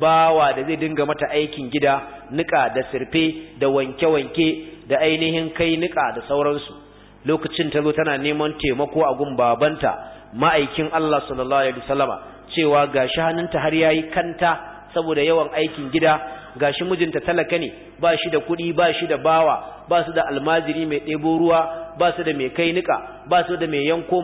bawa da zai dinga mata aikin gida niƙa da sirfe da wanke-wanke da ainihin kai niƙa da sauransu lokacin ta zo tana neman taimako a gun babanta ma'aikin Allah sallallahu alaihi wasallama cewa gashi hannunta har yayi kanta saboda yawan aikin gida gashi mijinta talaka ne ba shi da kuɗi ba shi da bawa ba su da almajiri mai ɗebo ruwa ba su da mai kai niƙa ba su da mai yanko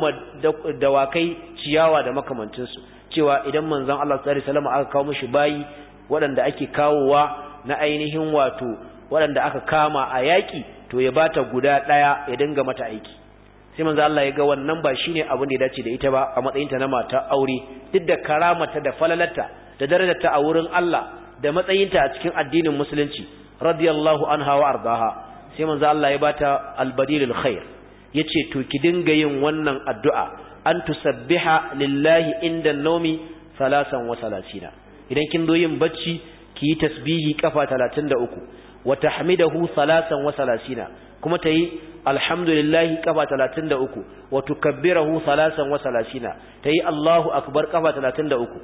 dawakai ciyawa da makamancinsu cewa idan manzon Allah sallallahu alaihi wasallama aka kawo mishi bayi waɗanda ake kawowa na ainihin wato waɗanda aka kama a yaƙi to ya bata guda daya ya dinga mata aiki sai manzo Allah ya ga wannan ba shine abin da ya dace da ita ba a matsayin ta na mata aure duk da karamata da falalarta da darajarta a wurin Allah da matsayinta a cikin addinin musulunci radiyallahu anha wa ardaha sai manzo Allah ya bata albadilul khair yace to ki dinga yin wannan addu'a an tusabbiha lillahi inda naumi salasan wa salasina idan kin zo yin bacci ki yi tasbihi kafa 33 wa tahmidahu salasan wa salasina kuma ta yi alhamdulillahi kafa talatin da uku wa tukabbirahu salasan wa salasina ta yi Allahu akbar kafa talatin da uku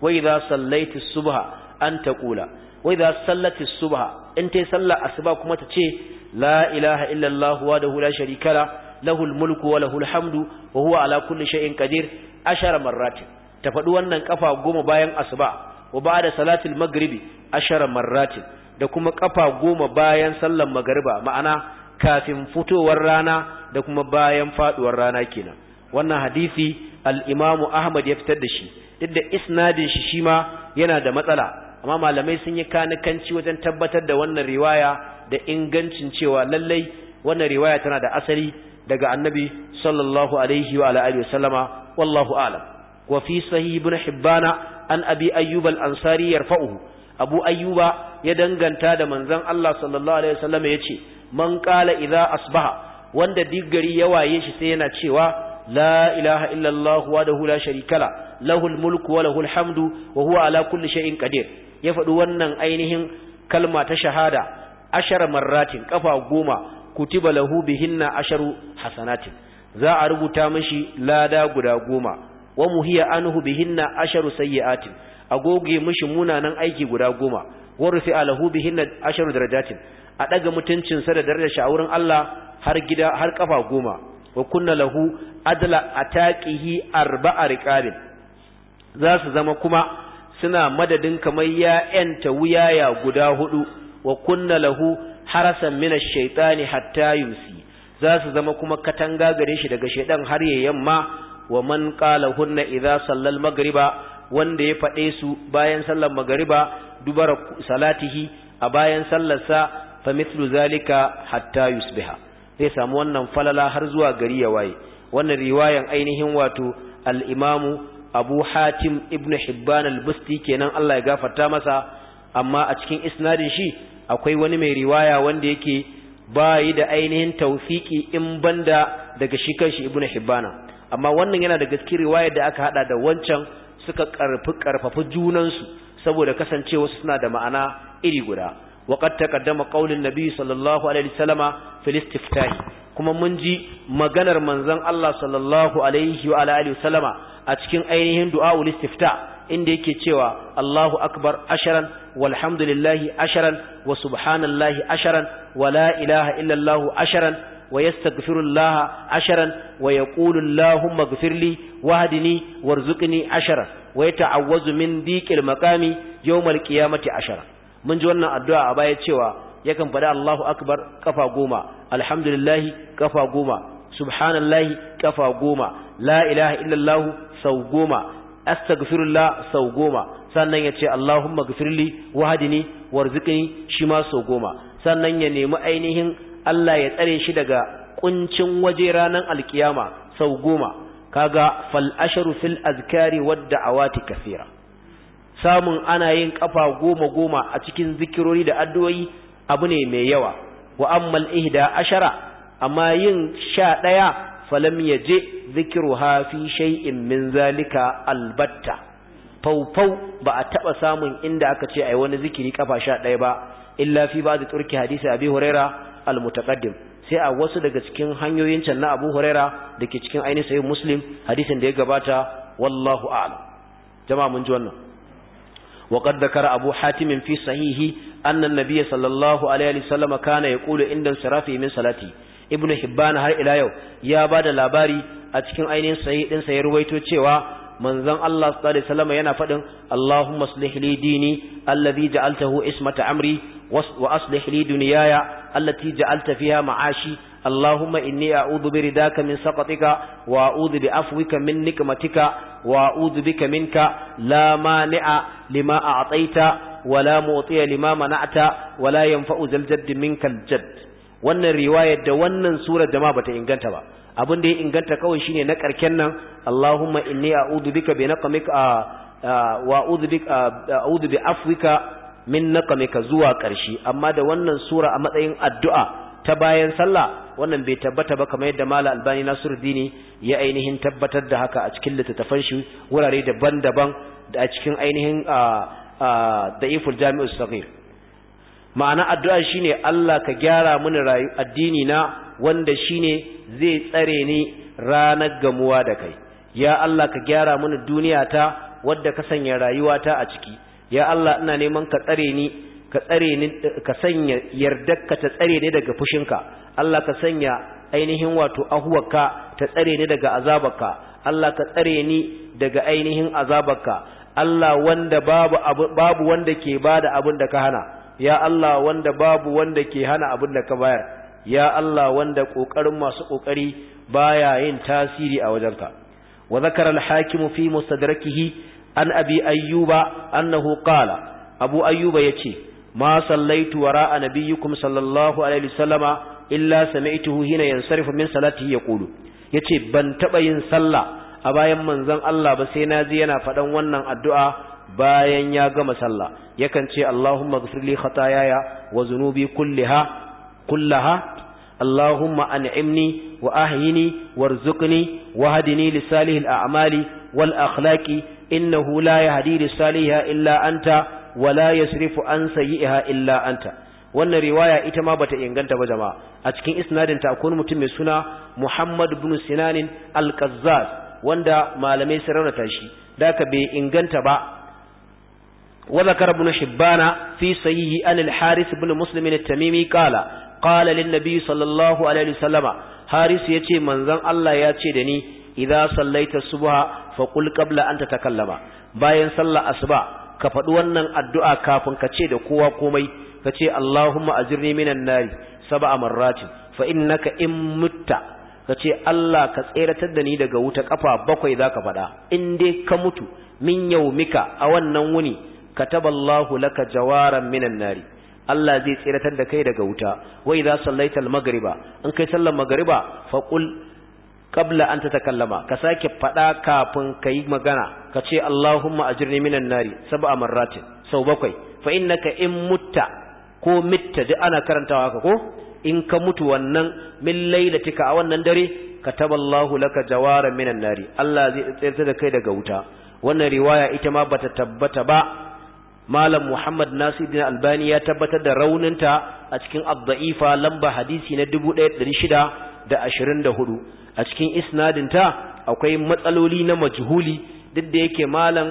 wai idza sallaiti subha an kula wai idza sallati subha in ta yi sallar asuba kuma ta ce la ilaha illallah Allah wahdahu la sharika la lahul mulku wa lahul hamdu wa huwa ala kulli shay'in qadir ashara marrat ta faɗi wannan kafa goma bayan asuba wa ba'da salatil maghribi ashara marratin da kuma kafa goma bayan sallar magariba ma'ana kafin fitowar rana da kuma bayan faduwar rana kenan wannan hadisi al imamu Ahmad ya fitar da shi duk da isnadin shi shima yana da matsala amma malamai sun yi kanikanci wajen tabbatar da wannan riwaya da ingancin cewa lallai wannan riwaya tana da asali daga Annabi sallallahu alaihi wa alihi wasallama wallahu a'lam wa fi sahih ibn Hibbana an Abi Ayyub al-Ansari yarfa'uhu Abu Ayyuba ya danganta da manzon Allah sallallahu alaihi wasallam ce man qala idza asbaha wanda diggari ya waye shi sai yana cewa la ilaha illallah Allah wahdahu la sharika lahul mulku wa lahul hamdu wa huwa ala kulli shay'in qadir ya faɗi wannan ainihin kalma ta shahada ashar marratin kafa goma kutiba lahu bihinna asharu hasanatin za a rubuta mashi lada guda goma wa muhiya anhu bihinna asharu sayyi'atin a goge mashi munanan aiki guda goma wa alahu bihinna asharu darajatin a ɗaga mutuncin sa da darajar shi a wurin Allah har gida har kafa goma wa kunna lahu adla ataqihi arba'a riqabin za su zama kuma suna madadin kamar ya yanta wuyaya guda hudu wa kunna lahu harasan min ash-shaytani hatta yusi za su zama kuma katanga gare shi daga shaidan har ya yamma wa man qala hunna idza sallal magariba wanda ya faɗe su bayan sallar magariba dubara salatihi a bayan sallarsa fa mithlu zalika hatta yusbiha zai samu wannan falala har zuwa gari ya waye wannan riwayan ainihin wato al-imamu Abu Hatim ibn Hibban al-Busti kenan Allah ya gafarta masa amma a cikin isnadin shi akwai wani mai riwaya wanda yake bayi da ainihin tawfiki in banda daga shi kanshi ibn Hibban amma wannan yana da gaskiyar riwayar da aka hada da wancan suka karfi karfafa junansu saboda kasancewa suna da ma'ana iri guda waqad taqaddama qaulun nabi sallallahu alaihi wasallama fil istiftahi kuma mun ji maganar manzon Allah sallallahu alaihi wa alihi wasallama a cikin ainihin du'aul istifta inda yake cewa Allahu akbar asharan walhamdulillahi asharan wa subhanallahi asharan wa la ilaha illallah asharan ويستغفر الله asharan, wa ya اغفر لي wahdini وارزقني asharan. wa ta'awwazu min diqil maqami yawmal qiyamati ashara mun ji wannan addu'a a baya cewa yakan fada Allahu akbar kafa goma Alhamdulillahi kafa goma subhanallahi kafa goma la ilaha illallah sau goma astaghfirullah sau goma sannan ya ce Allahumma gfirli wahdini warzuqni shi ma sau goma sannan ya nemi ainihin Allah ya tsare shi daga kuncin waje ranar alkiyama sau goma kaga fal asharu fil azkari wad da'awati kafira. samun ana yin kafa goma goma a cikin zikirori da addu'o'i abu ne mai yawa wa ammal ihda ashara amma yin sha ɗaya, falam yaje zikiru hafi shay'in min zalika albatta faufau ba a taɓa samun inda aka ce a ai wani zikiri kafa sha ɗaya ba illa fi ba da turki hadisi abi huraira almutaqaddim sai a wasu daga cikin hanyoyin can na Abu Huraira ke cikin ainihin sahih Muslim hadisin da ya gabata wallahu a'lam jama'a mun ji wannan wa qad dhakara Abu Hatim fi sahihi anna an-nabiy sallallahu alaihi wa sallam kana yaqulu inda sarafi min salati ibnu Hibban har ila yau ya bada labari a cikin ainihin sahih din ya ruwaito cewa manzon Allah sallallahu alaihi wasallam yana faɗin Allahumma aslih li dini alladhi ja'altahu ismata amri wa aslih li dunyaya allati ja'alta fiha ma'ashi اللهم إني أعوذ برداك من سقطك وأعوذ بأفوك من نكمتك وأعوذ بك منك لا مانع لما أعطيت ولا معطي لما منعت ولا ينفع ذا الجد منك الجد wannan riwayar da wannan surar da bata inganta ba abin da ya inganta kawai shine na karken nan Allahumma inni a'udhu bika bi naqmika wa a'udhu bika a'udhu bi afwika min naqamika zuwa ƙarshe amma da wannan sura a matsayin addu'a ta bayan sallah wannan bai tabbata ba kamar yadda Malam Albani Nasiruddin ya ainihin tabbatar da haka a cikin littattafan shi wurare daban-daban da a cikin ainihin da'iful jami'us saghir ma'ana addu'a shine Allah ka gyara mini addini na wanda shine zai tsare ni ranar gamuwa da kai ya Allah ka gyara mini duniya ta wadda ka sanya rayuwata a ciki ya Allah ina neman ka tsare ni ka tsare ni ka sanya yardarka ta tsare ni daga fushinka Allah ka sanya ainihin wato ahuwarka ta tsare ni daga azabarka Allah ka tsare ni daga ainihin azabarka Allah wanda babu abu, babu wanda ke bada abin da ka hana ya Allah wanda babu wanda ke hana abin da ka bayar ya Allah wanda kokarin masu kokari baya yin tasiri a wajenka wa zakara al-hakim fi mustadrakihi an abi ayyuba annahu qala abu ayyuba yace ma sallaitu wara'a nabiyyukum sallallahu alaihi wasallama illa sami'tuhu hina yansarifu min salatihi yaqulu yace ban taba yin sallah a bayan manzon Allah ba sai na ji yana faɗan wannan addu'a bayan ya gama sallah yakan ce Allahumma ghfirli khataayaya wa dhunubi kulliha kullaha Allahumma an'imni wa ahyini warzuqni wahdini li salihil a'mali wal akhlaqi إنه لا يهدي لساليها إلا أنت ولا يسرف عن سيئها إلا أنت wannan riwaya ita ma bata inganta ba jama'a a cikin isnadin ta akwai mutum mai suna Muhammad ibn Sinan al wanda malamai sun rarrata shi daka bai inganta ba wa zakar ibn Shibbana fi sahih an al-Harith ibn Muslim al-Tamimi qala qala lin-nabi sallallahu alaihi wasallama Harith yace manzon Allah ya ce da ni idza sallaita subha fa qul qabla ta tatakallama bayan sallar asuba ka faɗi wannan addu'a kafin ka ce da kowa komai ka ce Allahumma ajirni minan nari sab'a marratin fa innaka in mutta ka ce Allah ka tseratar da ni daga wuta kafa bakwai zaka faɗa in dai ka mutu min mika a wannan wuni ka kataballahu laka jawaran minan nari Allah zai tseratar da kai daga wuta wai za sallaita magariba maghriba in kai sallar magariba fa qabla an tatakallama ka sake fada kafin kai magana ka ce Allahumma ajirni minan nari sab'a marratin sau bakwai fa innaka in mutta ko mitta duk ana karantawa haka ko in ka mutu wannan min lailatika a wannan dare kataballahu laka jawara minan nari Allah zai tsirta da kai daga wuta wannan riwaya ita ma bata tabbata ba malam Muhammad Nasiruddin Albani ya tabbatar da rauninta a cikin ad lamba hadisi na 1624 a cikin isnadin ta akwai matsaloli na majhuli duk da yake malam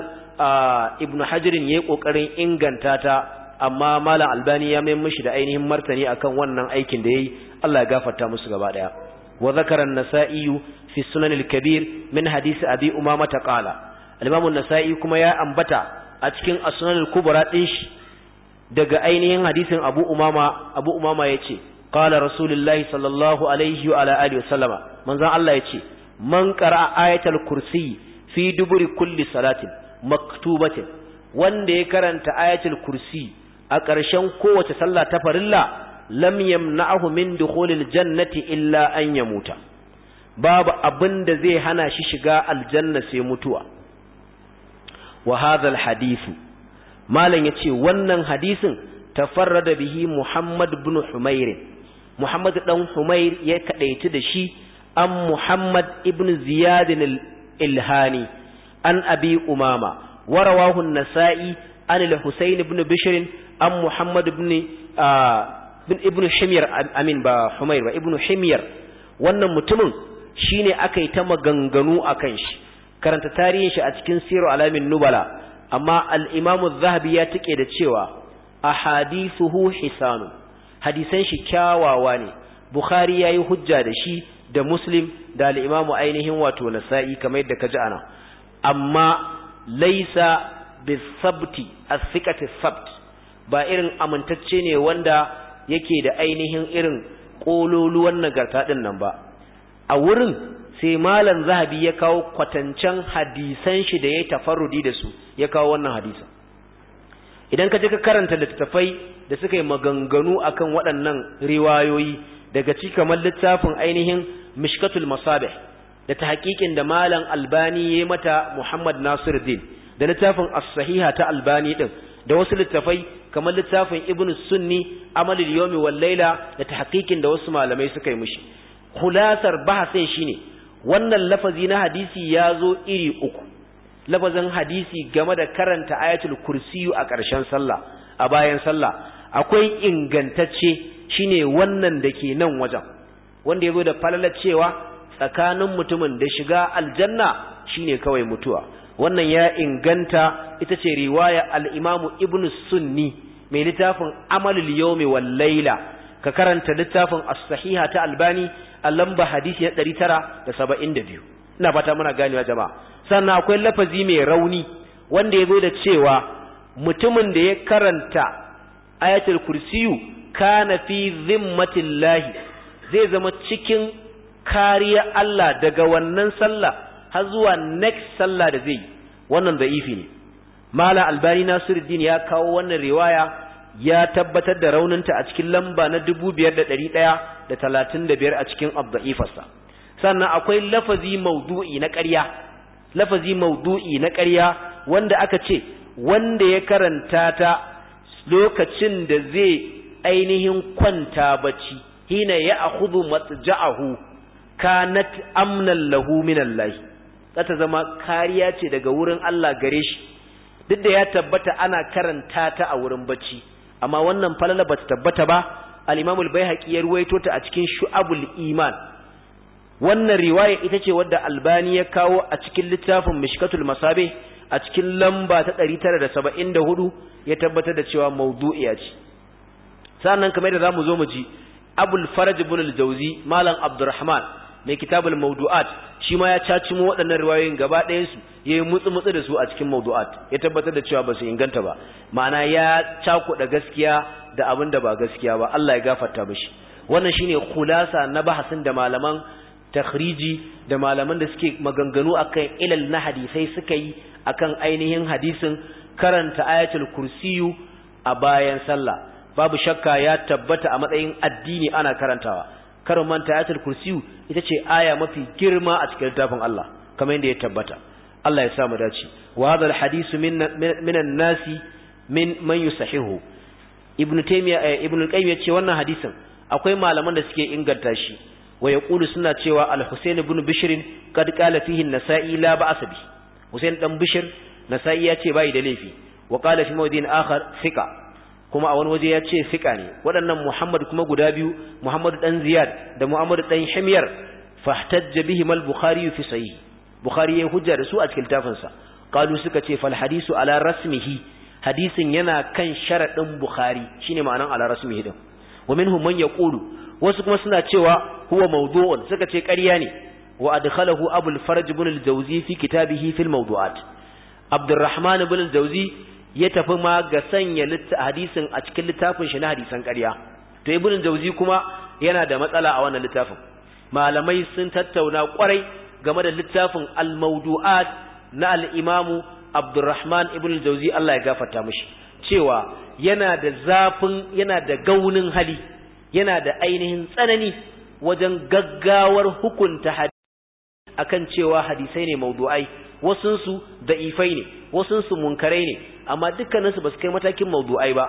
ibnu hajirin yi ƙoƙarin inganta ta amma malam albani ya mai mishi da ainihin martani akan wannan aikin da ya yi. Allah ya gafarta musu gaba daya wa zakaran fi sunan kabir min hadisi abi umama ta qala al-imam nasai kuma ya ambata a cikin as-sunan kubra din shi daga ainihin hadisin abu umama abu umama yace qala rasulullahi sallallahu alaihi wa ala alihi wasallama manzon Allah yace man qara'a ayatul kursi fi duburi kulli salatin maktubatin wanda ya karanta ayatul kursi a ƙarshen kowace sallah ta farilla lam yamna'ahu min dukhulil jannati illa an ya muta. babu abin da zai hana shi shiga aljanna sai mutuwa wa hadha alhadithu malam yace wannan hadisin tafarrada bihi Muhammad ibn Humair Muhammad ɗan Humair ya kaɗaici da shi an Muhammad ibn Ziyad al-Ilhani an Abi Umama warawahu an-Nasa'i an al-Husayn ibn Bishr an Muhammad ibn ah, ibn Himyar amin ba Humair ba ibn Himyar wannan mutumin shine aka yi ta maganganu a shi karanta tarihin shi a cikin Siru Alamin Nubala amma al-Imam az-Zahabi ya tike da cewa ahadithuhu hisanu hadisan shi kyawawa ne bukhari yayi hujja da shi da muslim da al-imamu ainihin wato nasa'i kamar yadda kaji ji ana amma laisa bisabti as-siqati sabt ba irin amintacce ne wanda yake da ainihin irin kololuwan nagarta din nan ba a wurin sai malam zahabi ya kawo kwatancan hadisan shi da yayi tafarrudi da su ya kawo wannan hadisan idan ka je ka karanta littattafai da suka yi maganganu akan waɗannan riwayoyi daga ci kamar littafin ainihin mishkatul masabih da ta haƙiƙin da malam albani ya mata muhammad din, da littafin as-sahiha ta albani din da wasu littafai kamar littafin ibn sunni amalul yawmi wal laila da tahqiqin da wasu malamai suka yi mishi khulasar bahasin shine wannan lafazi na hadisi ya zo iri uku labazin hadisi game da karanta ayatul kursiyu a ƙarshen sallah a bayan sallah akwai ingantacce shine wannan da ke nan wajen wanda ya zo da falalar cewa tsakanin mutumin da shiga aljanna shine kawai mutuwa wannan ya inganta ita ce riwaya al-imamu ibn sunni mai littafin amalul yawmi wal layla ka karanta littafin as-sahiha ta albani a lamba hadisi na 972 ina fata muna ganewa jama'a sannan akwai lafazi mai rauni wanda ya zo da cewa mutumin da ya karanta ayatul kursiyu kana fi zimmatillahi zai zama cikin kariya Allah daga wannan sallah har zuwa next sallah da zai wannan da'ifi ne mala albani nasiruddin ya kawo wannan riwaya ya tabbatar da rauninta a cikin lamba na da biyar a cikin abda'ifarsa sannan akwai lafazi maudu'i na ƙarya lafazi maudu'i na ƙarya wanda aka ce wanda ya karanta ta lokacin da zai ainihin kwanta bacci hina ya akhudhu matja'ahu kanat amnan lahu Allah zata zama kariya ce daga wurin Allah gare shi duk da ya tabbata ana karanta ta a wurin bacci amma wannan falala bata tabbata ba al-Imam al-Baihaqi ya ruwaito ta a cikin Shu'abul Iman wannan riwaya ita ce wadda albani ya kawo a cikin littafin mishkatul masabe a cikin lamba ta da hudu ya tabbatar da cewa mawdu'iya ce sannan kamar da zamu zo mu ji abul faraj ibn al-jawzi malam abdurrahman mai kitabul mawdu'at shi ma ya mu waɗannan riwayoyin gaba ɗaya su yi mutsu mutsu da su a cikin mawdu'at ya tabbatar da cewa ba su inganta ba ma'ana ya cakuɗa gaskiya da abin da ba gaskiya ba Allah ya gafarta mishi wannan shine khulasa na bahasin da malaman takhriji da malaman da suke maganganu akan ilal na hadisai suka yi akan ainihin hadisin karanta ayatul kursiyu a bayan sallah babu shakka ya tabbata a matsayin addini ana karantawa karin manta ayatul kursiyu ita ce aya mafi girma a cikin littafin Allah kamar yadda ya tabbata Allah ya samu mu dace wa hadal hadisu minan nasi min man yusahihu ibnu taymiya eh, ibnu qayyim ya ce wannan hadisin akwai malaman da suke inganta shi wa Kulu suna cewa al-Husayn ibn Bishr kad qala fihi an-Nasa'i la ba'as bi Husayn dan Bishr Nasa'i ya ce bai da laifi wa qala fi mawdin akhar thiqa kuma a wani waje ya ce thiqa ne waɗannan Muhammad kuma guda biyu Muhammad dan Ziyad da Muhammad dan Himyar fahtajja bihim al-Bukhari fi sahih Bukhari ya hujja da su a cikin tafinsa qalu suka ce fal hadisu ala rasmihi hadisin yana kan sharadin Bukhari shine ma'anan ala rasmihi din wa minhum man yaqulu wasu kuma suna cewa huwa mawdu'un suka ce ƙarya ne wa adkhalahu abul farj ibn al-jawzi fi kitabihi al mawdu'at abdurrahman ibn al-jawzi ya tafi ma ga sanya hadisin a cikin littafin shi na hadisan ƙarya to ibn al-jawzi kuma yana da matsala a wannan littafin malamai sun tattauna kwarai game da littafin al-mawdu'at na al-imamu abdurrahman ibn al-jawzi Allah ya gafarta mishi cewa yana da zafin yana da gaunin hali yana da ainihin tsanani wajen gaggawar hukunta hadisi akan cewa hadisai ne maudu'ai wasunsu da'ifai ne wasunsu munkarai ne amma dukkaninsu ba su kai matakin maudu'ai ba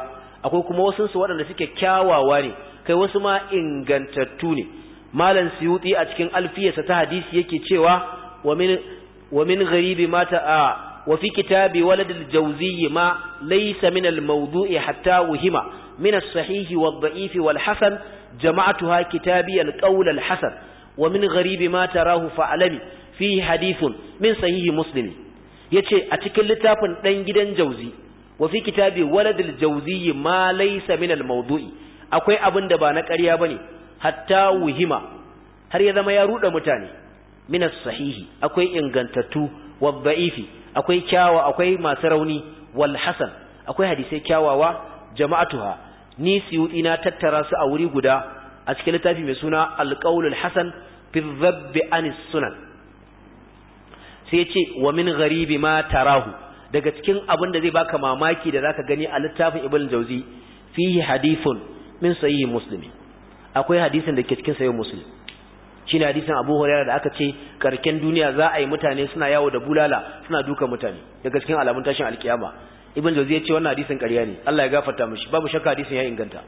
akwai kuma wasunsu waɗanda suke kyawawa ne kai wasu ma ingantattu ne malam siyuti a cikin alfiyarsa ta hadisi yake cewa wa min wa min gharibi mata a wa fi kitabi waladul Jawziyi ma laysa min al-mawdu'i hatta wuhima من الصحيح والضعيف والحسن جمعتها كتابي القول الحسن ومن غريب ما تراه فعلمي فيه حديث من صحيح مسلم يتشي أتكل لتافن لنجدا جوزي وفي كتابي ولد الجوزي ما ليس من الموضوع أكوي أبن دبانا كريابني حتى وهما هل يذما يرود متاني من الصحيح أكوي إنغنتتو والضعيف أكوي كاوى أكوي ما تروني والحسن akwai hadisai kyawawa jama'atuha ni siyu na tattara su a wuri guda a cikin littafi mai suna alqaulul hasan fi dhabb anis sunan sai yace wa min garibi ma tarahu daga cikin abin da zai baka mamaki da zaka gani a littafin ibn jauzi fihi hadithun min sahih muslimi akwai hadisin da ke cikin sahih muslim shine hadisin Abu Hurairah da aka ce karken duniya za a yi mutane suna yawo da bulala suna duka mutane daga cikin alamun tashin alkiyama ibn jawzi ya ce wannan hadisin ƙarya ne Allah ya gafarta mishi babu shakka hadisin ya inganta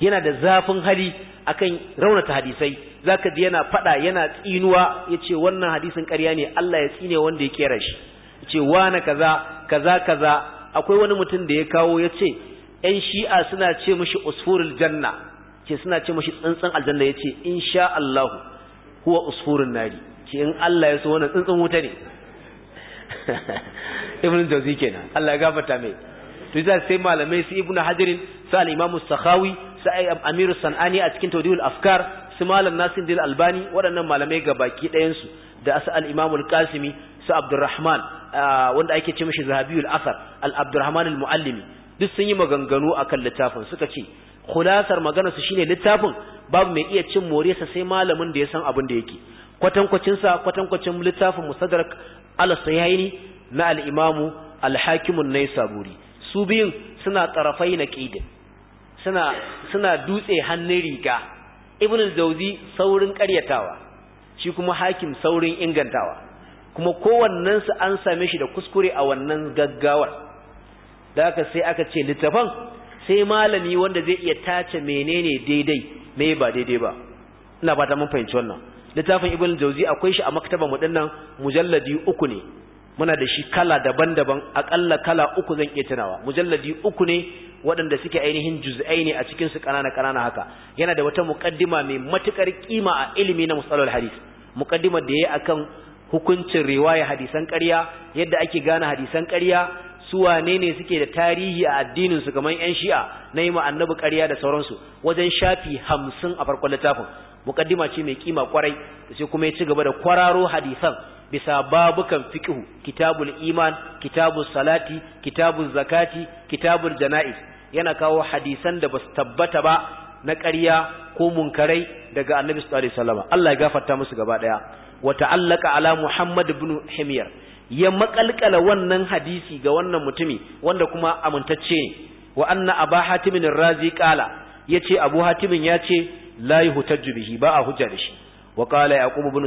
yana da zafin hali akan raunata hadisai zaka ji yana fada yana tsinuwa yace wannan hadisin ƙarya ne Allah ya tsine wanda ya kera shi yace wana kaza kaza kaza akwai wani mutum da ya kawo yace ƴan shi'a suna ce mishi usfurul janna ce suna ce mishi tsantsan aljanna yace insha Allah huwa usfurun nari ce in Allah ya so wannan tsantsan wuta ne ibn jawzi kenan Allah ya gafarta mai to yasa sai malamai su ibn Hadirin, su al-imamu sakhawi su amiru sanani a cikin tawdihul afkar su malam nasir dil albani waɗannan malamai gabaki ɗayan su da su al-imamu al-qasimi su abdurrahman wanda ake ce mishi zahabiyul asar al-abdurrahman al-muallimi duk sun yi maganganu akan littafin suka ce khulasar magana su shine littafin babu mai iya cin moresa sai malamin da ya san abin da yake kwatankwacinsa kwatankwacin littafin musadrak al sahihaini na al'imamu al-hakimun naysaburi su biyun suna tarafai na qidin suna suna dutse hannun riga ibn zauzi saurin ƙaryatawa shi kuma hakim saurin ingantawa kuma kowannen su an same shi da kuskure a wannan gaggawar da aka sai aka ce littafan sai malami wanda zai iya tace menene daidai mai ba daidai ba ina ba ta mun fahimci wannan littafin ibn jauzi akwai shi a maktaba mu dinnan mujalladi uku ne muna da shi kala daban-daban akalla kala uku zan iya tunawa mujalladi uku ne waɗanda suke ainihin juz'ai ne a cikin su kanana-kanana haka yana da wata muqaddima mai matukar kima a ilimi na musalul hadis muqaddima da yayi akan hukuncin riwaya hadisan ƙarya yadda ake gane hadisan ƙarya su wane ne suke da tarihi a addinin su kamar yan shi'a na yi annabi ƙarya da sauransu wajen shafi hamsin a farkon littafin mukaddima ce mai kima kwarai sai kuma ya ci gaba da kwararo hadisan bisa babukan fiqh kitabul iman kitabus salati kitabuz zakati kitabul janaiz yana kawo hadisan da basu tabbata ba na ƙarya ko munkarai daga annabi sallallahu alaihi wasallam Allah ya gafarta musu gaba daya wa ta'allaka ala muhammad ibn himyar ya makalkala wannan hadisi ga wannan mutumi wanda kuma amintacce ne wa anna aba hatimin razi kala yace abu hatimin yace la yuhtaju bihi ba a hujja da shi wa qala yaqub ibn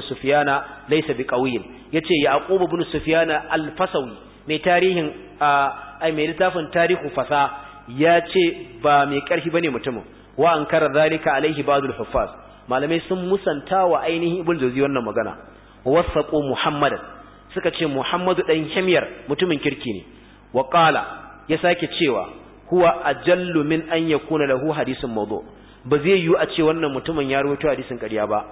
ya ce biqawil yace yaqub ibn sufyana al-fasawi mai tarihin ai mai littafin tarihu fasa yace ba mai karfi bane mutumin wa ankara zalika alaihi ba'dul malamai sun musanta wa ainihin ibn jawzi wannan magana wasaqu muhammadan suka ce muhammadu ɗan himyar mutumin kirki ne Wakala ya sake cewa huwa ajallu min an yakuna lahu hadisin mawdu' ba zai yiwu a ce wannan mutumin ya rubuta hadisin ƙarya ba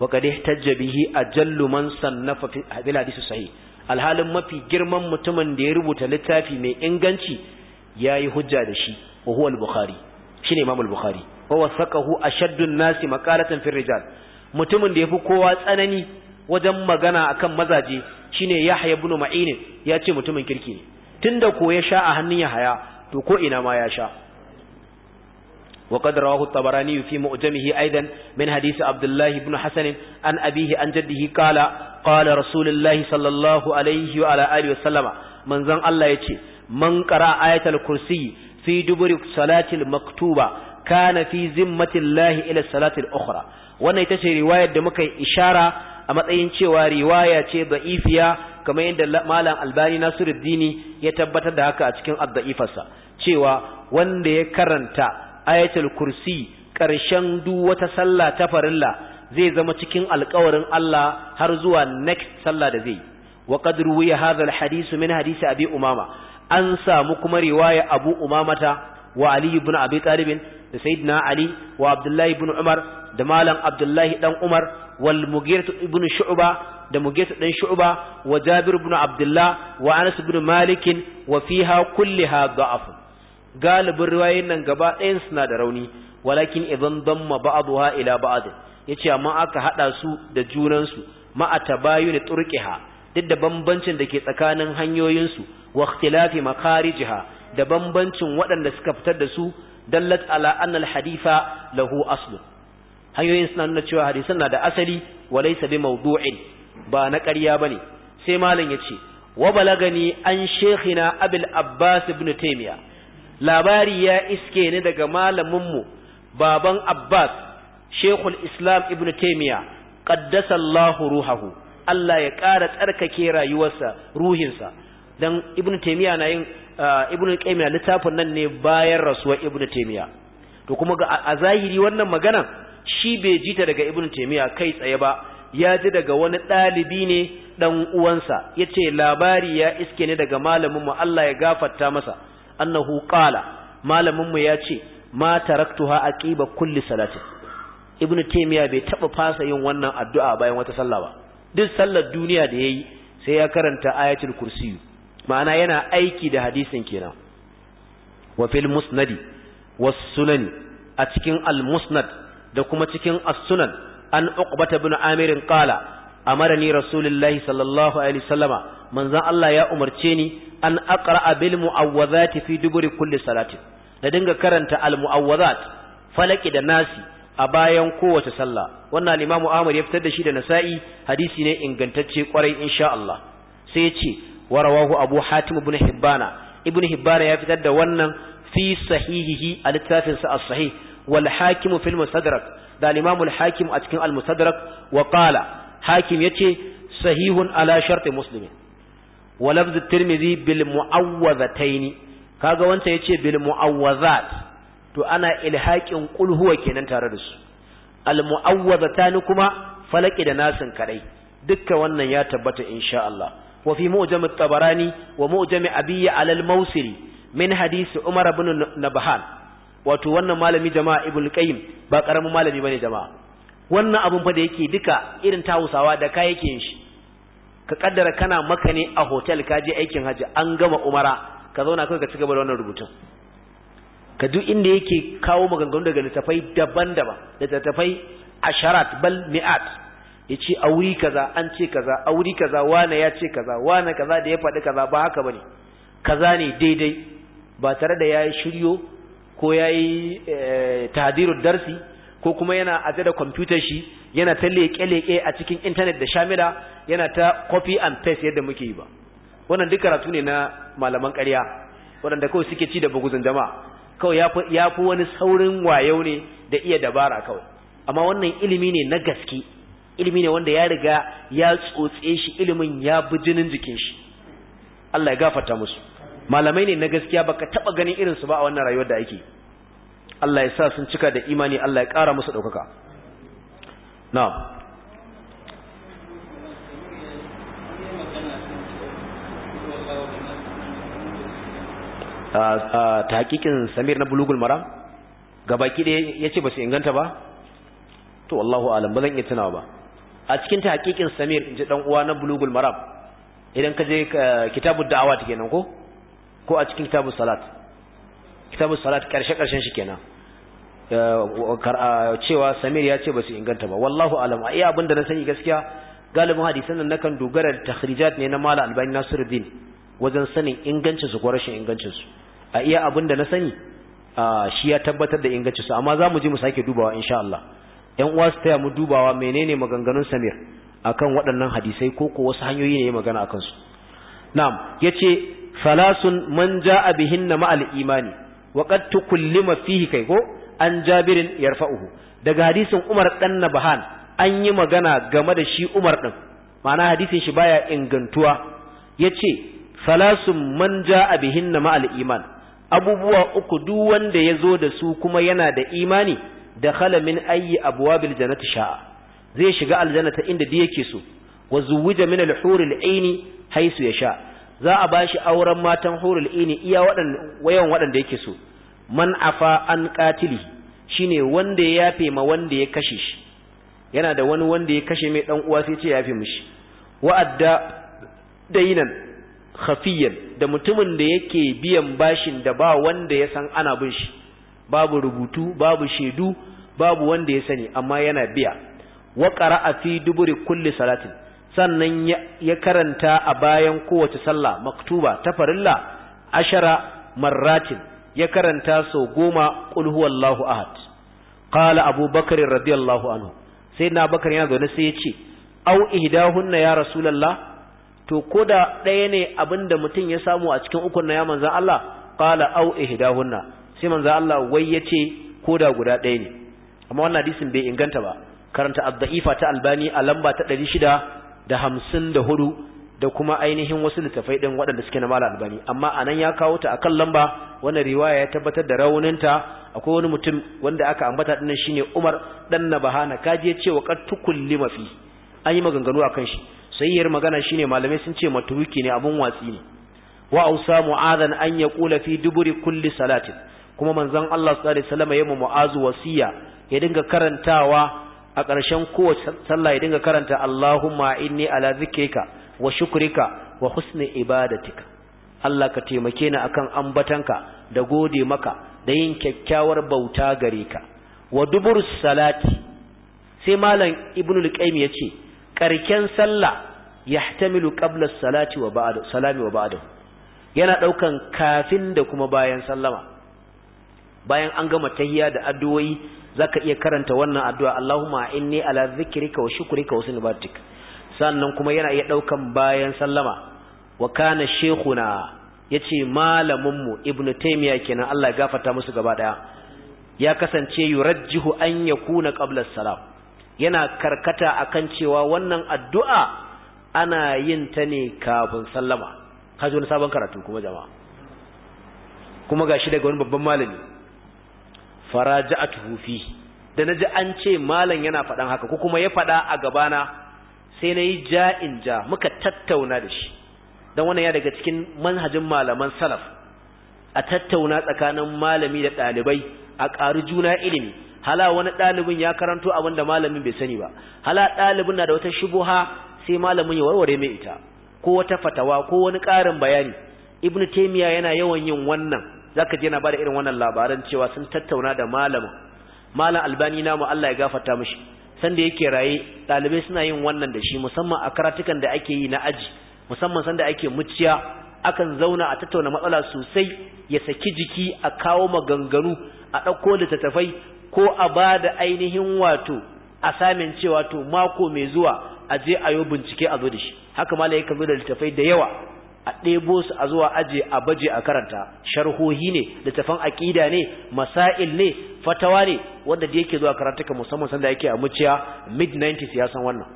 wa kad ihtajja bihi ajallu man sannafa bil hadis sahih alhalin mafi girman mutumin da ya rubuta littafi mai inganci yayi hujja da shi wa huwa al-bukhari shine imam al-bukhari wa wasaqahu ashaddu an-nasi maqalatan fi rijal mutumin da yafi kowa tsanani wajen magana akan mazaje shine yahya ibn ma'in ya ce mutumin kirki ne tunda ko ya sha a hannun yahaya to ko ina ma ya sha وقد رواه الطبراني في مؤجمه أيضا من حديث عبد الله بن حسن عن أبيه عن جده قال قال رسول الله صلى الله عليه وعلى آله وسلم من ذن الله يتي من قرأ آية الكرسي في دبر صلاة المكتوبة كان في ذمة الله إلى الصلاة الأخرى wannan ita ce riwayar da muka ishara a matsayin cewa riwaya ce da'ifiya kamar yadda malam albani nasiruddini ya tabbatar da haka a cikin adda'ifarsa cewa wanda ya karanta ayatul kursi ƙarshen duk wata sallah ta farilla zai zama cikin alƙawarin Allah har zuwa next sallah da zai wa qad ruwiya hadha alhadith min hadisi abi umama an samu kuma riwaya abu umamata wa ali ibn abi talib da sayyidina ali wa abdullahi ibn umar da malam abdullahi dan umar wal mughirah ibn shu'ba da mugeta ɗan shu'ba wa jabir ibn abdullah wa anas ibn malik wa fiha kulliha da'af galibin riwayoyin nan gaba ɗayan suna da rauni walakin idan damma ba'dha ila ya yace amma aka haɗa su da junan su ma atabayun turqiha duk da bambancin da ke tsakanin hanyoyinsu su wa ikhtilafi makarijiha da bambancin waɗanda suka fitar da su dallat ala anna alhaditha lahu aslu hanyoyin suna nuna cewa hadisan na da asali wa laysa bi mawdu'in ba na ƙarya bane sai malam yace wa balagani an shaykhina abul abbas ibn taymiyyah labari ya iske ni daga malaminmu baban Abbas Sheikhul Islam Ibn Taymiyyah qaddasallahu ruhahu Allah ya ƙara tsarkake rayuwarsa ruhinsa dan Ibn Taymiya na yin uh, Ibn littafin nan ne bayan rasuwar Ibn Taymiya. to kuma a zahiri wannan magana shi bai ji ta daga Ibn Taymiya kai tsaye ba ya ji daga wani ɗalibi ne ɗan uwansa yace labari ya iske ne daga malamin mu Allah ya gafarta masa annahu qala malamin mu ya ce ma taraktuha aqiba kulli salatin ibnu taymiya bai taba fasa yin wannan addu'a bayan wata salla ba duk sallar duniya da yayi sai ya karanta ayatul kursi ma'ana yana aiki da hadisin kenan wa fil musnadi wa sunan a cikin al musnad da kuma cikin as sunan an uqbata ibn amirin qala amarani rasulullahi sallallahu alaihi wasallama manzon Allah ya umarce ni an akara bil muawwadhati fi duburi kulli salati da dinga karanta al muawwadhat falaki da nasi a bayan kowace sallah wannan al Ahmad ya fitar da shida da Nasa'i hadisi ne ingantacce kwarai insha Allah sai ya ce warawahu Abu Hatim ibn Hibbana ibn Hibbana ya fitar da wannan fi sahihihi a littafin sa as-sahih wal hakim fil mustadrak da al-imam hakim a cikin al-mustadrak wa qala hakim yace sahihun ala sharti muslim wa lafz at-tirmidhi bil mu'awwazataini kaga wanta yace bil mu'awwazat to ana ilhaqin qul huwa kenan tare da su al mu'awwazatani kuma falaki da nasin kadai dukkan wannan ya tabbata insha Allah wa fi mu'jam at-tabarani wa mu'jam abi ala al-mawsili min hadisi umar ibn nabhan wato wannan malami jama'a ibn qayyim ba karamin malami bane jama'a wannan abun fa da yake duka irin ta da ka yake shi ka kaddara kana maka ne a hotel ka je aikin hajji, an gama umara ka zauna kawai ka ci gaba da wannan rubutun ka duk inda yake kawo maganganu daga littattafai daban-daban da asharat bal mi'at yace a wuri kaza an ce kaza a wuri kaza wane ya ce kaza wane kaza da ya faɗi kaza ba haka bane kaza ne daidai ba tare da yayi shiryo ko yayi eh, tahdirud darsi ko kuma yana aje da kwamfutar shi yana ta leke-leke a cikin intanet da shamila yana ta copy and paste yadda muke yi ba wannan duk karatu ne na malaman ƙarya waɗanda kawai suke ci da buguzun jama'a kawai ya fi wani saurin wayo ne da iya dabara kawai amma wannan ilimi ne na gaske ilimi ne wanda ya riga ya tsotse shi ilimin ya bi jinin jikin shi Allah ya gafarta musu malamai ne na gaskiya baka taba ganin irin su ba a wannan rayuwar da ake Allah ya sa sun cika da imani Allah ya ƙara musu ɗaukaka na'am ta hakikin samir na bulugul Maram. gabaki ɗaya ya ce ba su inganta ba to wallahu alam ba zan iya tunawa ba a cikin ta hakikin samir in ji ɗan uwa na bulugul maram idan ka je eh, kitabud da'awa kenan ko ko a cikin kitabus salat kitabu salat karshe karshen shi kenan eh, ah, cewa samir ya ce ba su inganta ba wallahu alam a iya abin da na sani gaskiya galibin hadisan nan kan dogara da takhrijat ne na mala albani nasiruddin wajen sanin ingancin su ko ingancin su a iya abin da na sani ah, shi ya tabbatar da ingancin su amma za mu je mu sake dubawa insha Allah ƴan uwa su taya mu dubawa menene maganganun samir akan waɗannan hadisai ko ko wasu hanyoyi ne magana akan su na'am yace falasun man ja'a bihinna ma'al imani Waƙar qad tukullima fihi kai ko an jabirin yarfa'uhu daga hadisin Umar ɗan Nabhan an yi magana game da shi Umar din ma'ana hadisin shi baya ingantuwa Ya ce salasun man a bihinna ma'al iman abubuwa uku duk wanda ya zo da su kuma yana da imani da khala min ayyi abwabil jannati sha'a zai shiga aljanna ta inda da yake so wa zuwija min al-huril aini haisu sha. za a bashi auren matan hurul ini iya wayan waɗanda yake so man afa an katili shine wanda ya yafe ma wanda ya kashe shi yana da wani wanda ya kashe mai dan uwa sai ce ya yafe mishi wa'adda dainan khafiyan da mutumin da yake biyan bashin da ba wanda ya san ana bin shi babu rubutu babu shaidu, babu wanda ya sani amma yana biya wa qara'a fi duburi kulli salatin sannan ya karanta a bayan kowace sallah maktuba ta farilla ashara marratin ya karanta sau goma qul ahad qala abubakar radiyallahu anhu sai na bakar ya zaune sai ya ce au ihdahunna ya rasulullah to koda ɗaya ne abinda mutum ya samu a cikin ukun na ya manza Allah qala au ihdahunna sai manza Allah wai yace koda guda ɗaya ne amma wannan hadisin bai inganta ba karanta ad ta albani a lamba ta ɗari shida. da hamsin da hudu da kuma ainihin wasu littafai ɗin waɗanda suke na mala albani amma a nan ya kawo ta akan lamba wannan riwaya ya tabbatar da rauninta akwai wani mutum wanda aka ambata ɗin shine umar ɗan na bahana kaji ya ce wa kad limafi an yi maganganu akan shi sayyar magana shine malamai sun ce matuwiki ne abun watsi ne wa ausa mu'adhan an kula fi duburi kulli salatin kuma manzon Allah sallallahu alaihi wasallam ya mu mu'azu wasiya ya dinga karantawa a ƙarshen kowace sallah ya dinga karanta Allahumma inni ala zikrika wa shukrika wa husni ibadatika Allah ka taimake ni akan ambatanka da gode maka da yin kyakkyawar bauta gare ka wa dubur salati sai malam Ibnu al qayyim yace karken sallah yahtamilu qabla salati wa ba'da salami wa ba'da yana daukan kafin da kuma bayan sallama bayan an gama tahiyya da addu'o'i zaka iya karanta wannan addu'a Allahumma inni ala zikrika wa shukrika wa husni sannan kuma yana iya daukan bayan sallama wa kana shaykhuna yace malamin mu ibnu taymiya kenan Allah ya gafarta musu gaba daya ya kasance yurajjihu an yakuna qabla salam yana karkata akan cewa wannan addu'a ana yin ta ne kafin sallama kaje wani sabon karatu kuma jama'a kuma gashi daga wani babban malami faraja'atuhu fi da naji an ce malam yana faɗan haka ko kuma ya faɗa a gabana sai nayi ja'in ja muka tattauna da shi dan wannan ya daga cikin manhajin malaman salaf a tattauna tsakanin malami da ɗalibai a ƙari juna ilimi hala wani ɗalibin ya karanto abin da malamin bai sani ba hala ɗalibin na da wata shubuha sai malamin ya warware mai ita ko wata fatawa ko wani ƙarin bayani ibnu taymiya yana yawan yin wannan zaka je yana da irin wannan labaran cewa sun tattauna da malamin malam albani na mu Allah ya gafarta mishi sanda yake raye dalibai suna yin wannan da shi musamman a karatukan da ake yi na aji musamman sanda ake muciya akan zauna a tattauna matsala sosai ya saki jiki a kawo maganganu a ɗauko littattafai ko a ba da ainihin wato a samin cewa to mako mai zuwa a je a yi bincike a zo da shi haka malam yakan zo da littafai da yawa a ɗebo su a zuwa aje a baje a karanta sharhohi ne littafan aƙida ne masail ne fatawa ne wanda da yake zuwa karantaka ka musamman sanda yake a muciya mid 90s ya san wannan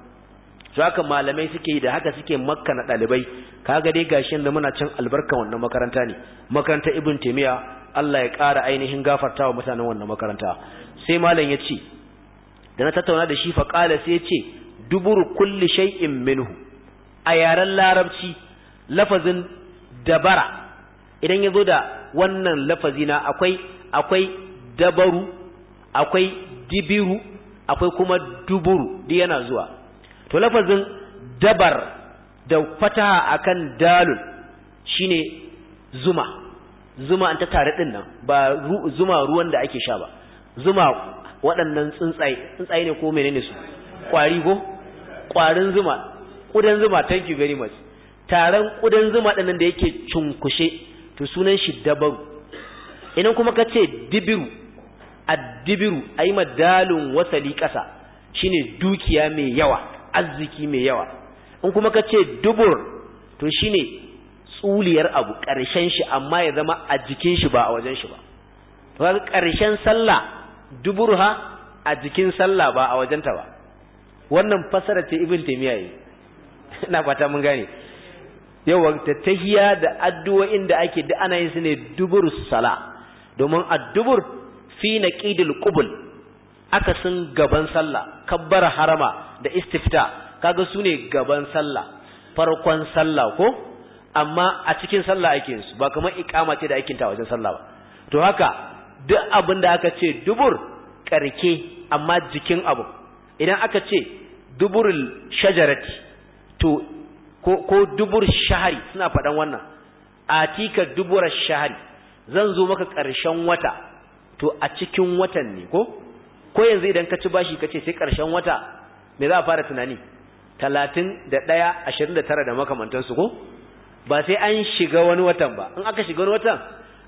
to haka malamai suke yi da haka suke makka na ɗalibai kaga dai gashi da muna cin albarka wannan makaranta ne makaranta ibn taymiya Allah ya ƙara ainihin gafartawa mutanen wannan makaranta sai malam ya ce da na tattauna da shi fa qala sai ya ce duburu kulli shay'in minhu a yaren larabci lafazin dabara idan ya zo da wannan lafazi na akwai akwai dabaru akwai dibiru akwai kuma duburu duk yana zuwa to lafazin dabar da fataha akan dalul shine zuma zuma an ta tare din nan ba zuma ruwan da ake sha ba zuma waɗannan tsuntsaye tsuntsaye ne ko menene su kwari ko kwarin zuma ƙudan zuma thank you very much taron ƙudan zuma ɗin da yake cunkushe to sunan shi dabaru idan kuma ka ce dibiru dibiru a yi madalin wasali ƙasa shine dukiya mai yawa arziki mai yawa in kuma ka ce dubur to shi ne tsuliyar abu ƙarshen shi amma ya zama a jikin shi ba a wajen shi ba to ƙarshen sallah ha a jikin sallah ba a wajenta ba wannan fasara ce ibin taymiya yi fata mun gane yawa tahiya da addu'o'in da ake duk ana yin su ne dubur sala domin addubur fi ƙidil qubul aka sun gaban sallah kabbar harama da istifta kaga su ne gaban sallah farkon sallah ko amma a cikin sallah ake su ba kamar iqama ce da ake ta wajen sallah ba to haka duk abin da aka ce dubur karke amma jikin abu idan aka ce duburul shajarati to ko dubur shahari suna faɗan wannan atika dubur shahari zan zo maka ƙarshen wata to a cikin watan ne ko ko yanzu idan ka ci bashi ka ce sai ƙarshen wata me za a fara tunani talatin da ɗaya ashirin da tara da makamantansu ko ba sai an shiga wani watan ba in aka shiga wani watan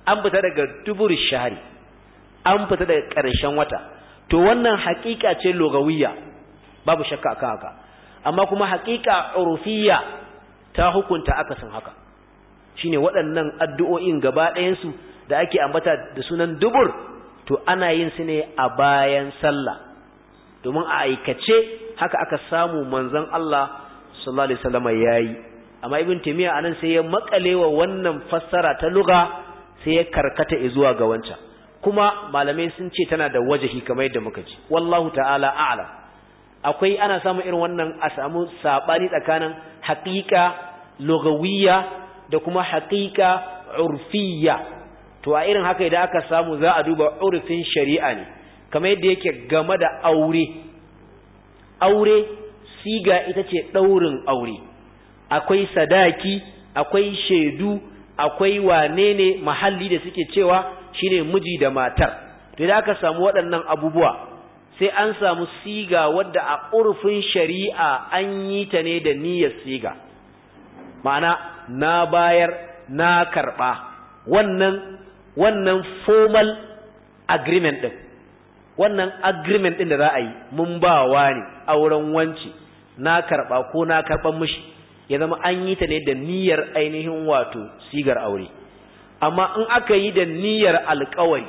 an fita daga dubur shahari an fita daga ƙarshen wata to wannan haƙiƙa ce logawiyya babu shakka akan haka amma kuma haƙiƙa urfiyya ta hukunta akasin haka shine waɗannan addu'o'in gaba ɗayansu da ake ambata da sunan dubur to ana yin su ne a bayan sallah domin a aikace haka aka samu manzon Allah sallallahu alaihi wasallam yayi amma ibn taymiya anan sai ya makalewa wannan fassara ta lugha sai ya karkata zuwa ga wancan kuma malamai sun ce tana da wajahi kamar yadda muka ji wallahu ta'ala a'lam akwai ana samun irin wannan a samu sabani tsakanin haƙiƙa lugawiyya da kuma haqiqa urfiyya to a irin haka idan aka samu za a duba urfin shari'a ne kamar yadda yake game da aure aure siga ita ce daurin aure akwai sadaki akwai shaidu akwai wane ne mahalli da suke cewa shine miji da matar to idan aka samu waɗannan abubuwa sai an samu siga wadda a urfin shari'a an yi ta ne da niyyar siga ma'ana na bayar na karɓa wannan wannan formal agreement ɗin wannan agreement ɗin da za a yi mun ba wa ne auren wanci na karɓa ko na karɓar mishi ya zama an yi ta ne da niyyar ainihin wato sigar aure amma in aka yi da niyyar alkawari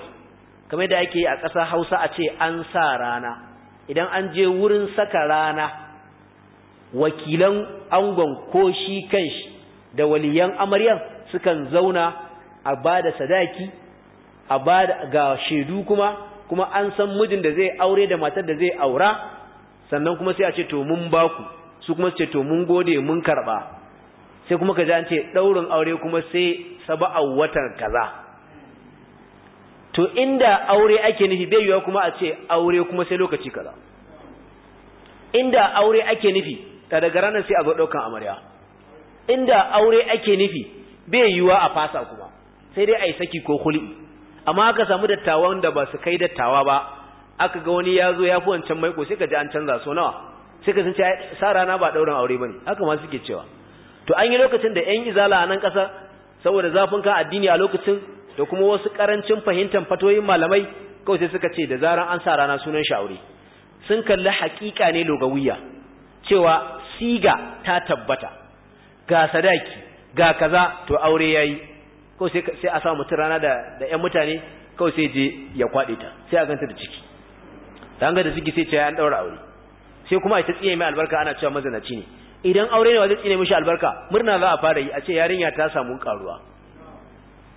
kamar da ake yi a ƙasar hausa a ce an sa rana idan an je wurin saka rana wakilan angon ko shi kanshi da waliyan amaryan sukan zauna a bada sadaki a bada ga shaidu kuma kuma an san mijin da zai aure da matar da zai aura sannan kuma sai a ce to mun baku su kuma su ce to mun gode mun karba sai kuma kaji an ce daurin aure kuma sai saba'a watan kaza to inda aure ake nufi bai yiwa kuma a ce aure kuma sai lokaci kaza inda aure ake nufi da daga ranar sai a zo ɗaukan amarya inda aure ake nufi bai yiwuwa a fasa kuma sai dai a yi saki ko kuli amma aka samu dattawan da ba su kai dattawa ba aka ga wani ya zo ya fi wancan maiko sai ka ji an canza so nawa sai ka cewa sa rana ba ɗaurin aure ba ne haka ma suke cewa to an yi lokacin da 'yan izala a nan ƙasa saboda zafin kan addini a lokacin da kuma wasu ƙarancin fahimtar fatoyin malamai kawai sai suka ce da zaran an sa rana sunan shi aure sun kalli haƙiƙa ne logawiya cewa siga ta tabbata ga sadaki ga kaza to aure yayi ko sai sai a sa mutum rana da da ƴan mutane kawai sai je ya kwade ta sai a ganta da ciki dan ga da ciki sai ce an daura aure sai kuma a ta tsiye mai albarka ana cewa mazanaci ne idan aure ne wa zai tsine mishi albarka murna za a fara yi a ce yarinya ta samu karuwa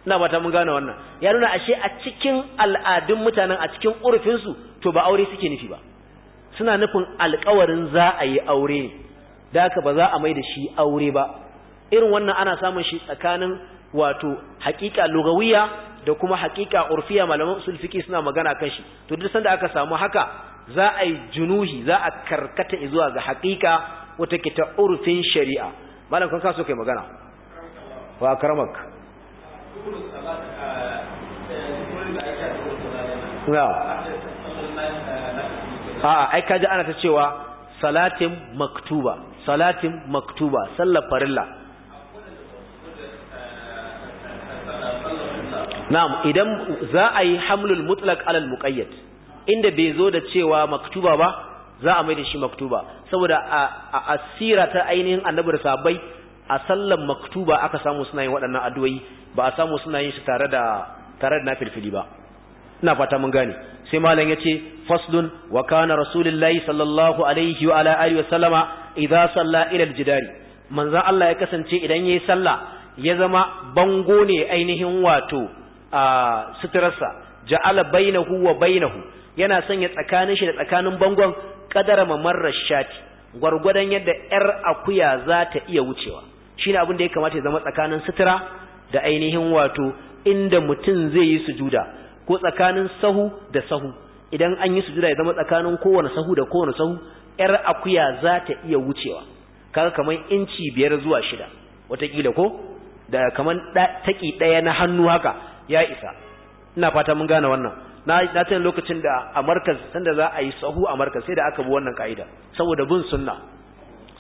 ina bata mun gane wannan ya nuna ashe a cikin al'adun mutanen a cikin urfin su to ba aure suke nufi ba suna nufin alƙawarin za a yi aure da haka ba za a mai da shi aure ba irin wannan ana samun shi tsakanin wato haƙiƙa lugawiya da kuma haƙiƙa urfiya malaman usul fiqi suna magana kan shi to duk sanda aka samu haka za a yi junuhi za a karkata zuwa ga haƙiƙa wata ke ta urfin shari'a malam kun kaso kai magana wa karamak a ai kaji ana ta cewa salatin maktuba salatin maktuba sallar farilla na'am idan za a yi hamlul mutlaq alal muqayyad inda bai zo da cewa maktuba ba za a mai da shi maktuba saboda a asira ta ainihin annabi sabai a sallar maktuba aka samu suna yin waɗannan addu'o'i ba a samu suna yin shi tare da tare da nafilfili ba ina fata mun gane sai malam yace faslun wa kana rasulullahi sallallahu alaihi wa ala alihi wa sallama idza salla ila aljidari manzon Allah ya kasance idan yayi sallah ya zama bango ne ainihin wato a sutrarsa ja'ala bainahu wa bainahu yana sanya tsakanin shi da tsakanin bangon kadara mamarra shati gwargwadon yadda yar akuya za ta iya wucewa shine abin da ya kamata ya zama tsakanin sutura da ainihin wato inda mutum zai yi sujuda ko tsakanin sahu da sahu idan an yi sujuda ya zama tsakanin kowane sahu da kowane sahu ‘yar akuya za ta iya wucewa kaga kamar inci biyar zuwa shida watakila ko da kamar taƙi ɗaya na hannu haka ya isa ina fata mun gane wannan na na lokacin da a markaz sanda za a yi sahu a markaz sai da aka bi wannan ka'ida saboda bin sunna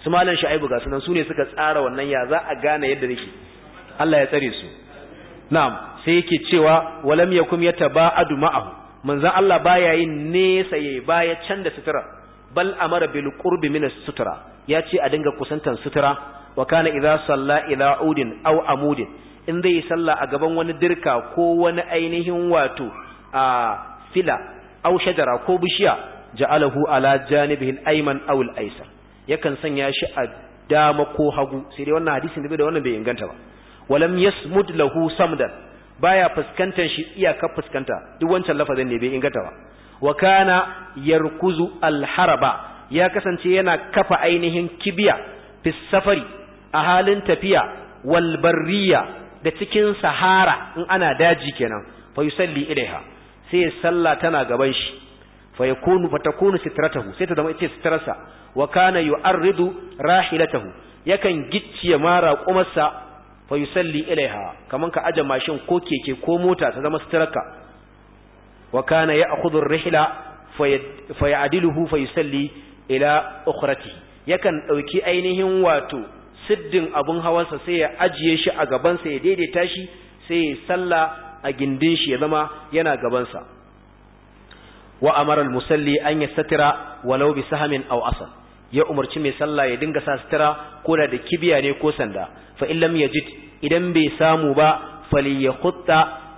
su malam sha'ibu ga sunan sune suka tsara wannan ya za a gane yadda yake Allah ya tsare su na'am sai yake cewa walam yakum yataba'adu ma'ahu manzon Allah baya yin nesa yayi baya can da sutura bal amara bil qurbi min sutura ya ce a dinga kusantan sutura wa kana idza salla ila udin aw amudin in zai yi sallah a gaban wani dirka ko wani ainihin wato a fila aw shajara ko bishiya ja'alahu ala janibihi al-ayman aw al-aysar yakan sanya shi a dama ko hagu sai dai wannan hadisin da wannan bai inganta ba walam yasmud lahu samdan baya fuskantar shi iyaka fuskanta duk wancan lafazin ne bai inganta ba wa kana yarkuzu alharaba ya kasance yana kafa ainihin kibiya fi safari a halin tafiya wal barriya da cikin sahara in ana daji kenan fa yusalli ilaiha sai sallah tana gaban shi fa yakunu fa takunu sitratahu sai ta zama ita sitrarsa wa kana yu'arridu rahilatahu yakan gicciye mara kumarsa fa yusalli ilaiha kaman ka aje mashin ko keke ko mota ta zama sitrarka wa kana ya'khudhu ar-rihla fayadiluhu fayusalli ila ukhratihi yakan ɗauki ainihin wato siddin abun hawansa sai ya ajiye shi a gabansa ya daidaita shi sai ya salla a gindin shi ya zama yana gabansa. sa musalli an yastatira walau bi sahamin aw asal ya umarci mai sallah ya dinga sa ko da kibiya ne ko sanda fa in lam yajid idan bai samu ba fali ya khutta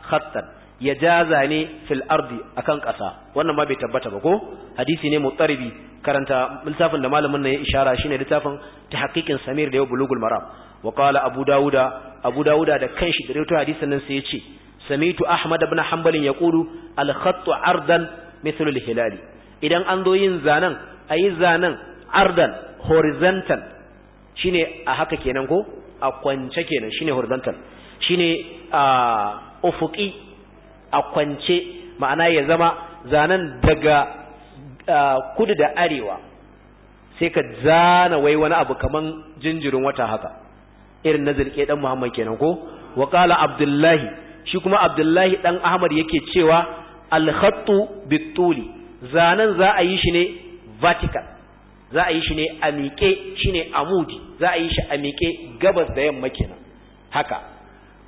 khattan ya ja zane fil ardi akan ƙasa wannan ma bai tabbata ba ko hadisi ne mutsaribi karanta littafin da malamin nan ya ishara shine littafin tahqiqin samir da yau bulugul maram wa qala abu dauda abu dauda da kanshi da rawaito hadisin nan sai ya ce samitu ahmad ibn hanbal yaqulu al khattu ardan mithlu al hilali idan an zo yin zanen ayi zanen ardan horizontal shine a haka kenan ko a kwance kenan shine horizontal shine a ah, ufuki a kwance ma'ana ya zama zanen daga kudu da arewa sai ka zana wai wani abu kamar jinjirin wata haka irin na zirke dan Muhammad kenan ko wa Abdullahi shi kuma Abdullahi ɗan Ahmad yake cewa Alhattu khattu zanen za a yi shi ne Vatican za a yi shi ne a miƙe shi a amudi za a yi shi a miƙe gabas da yamma kenan haka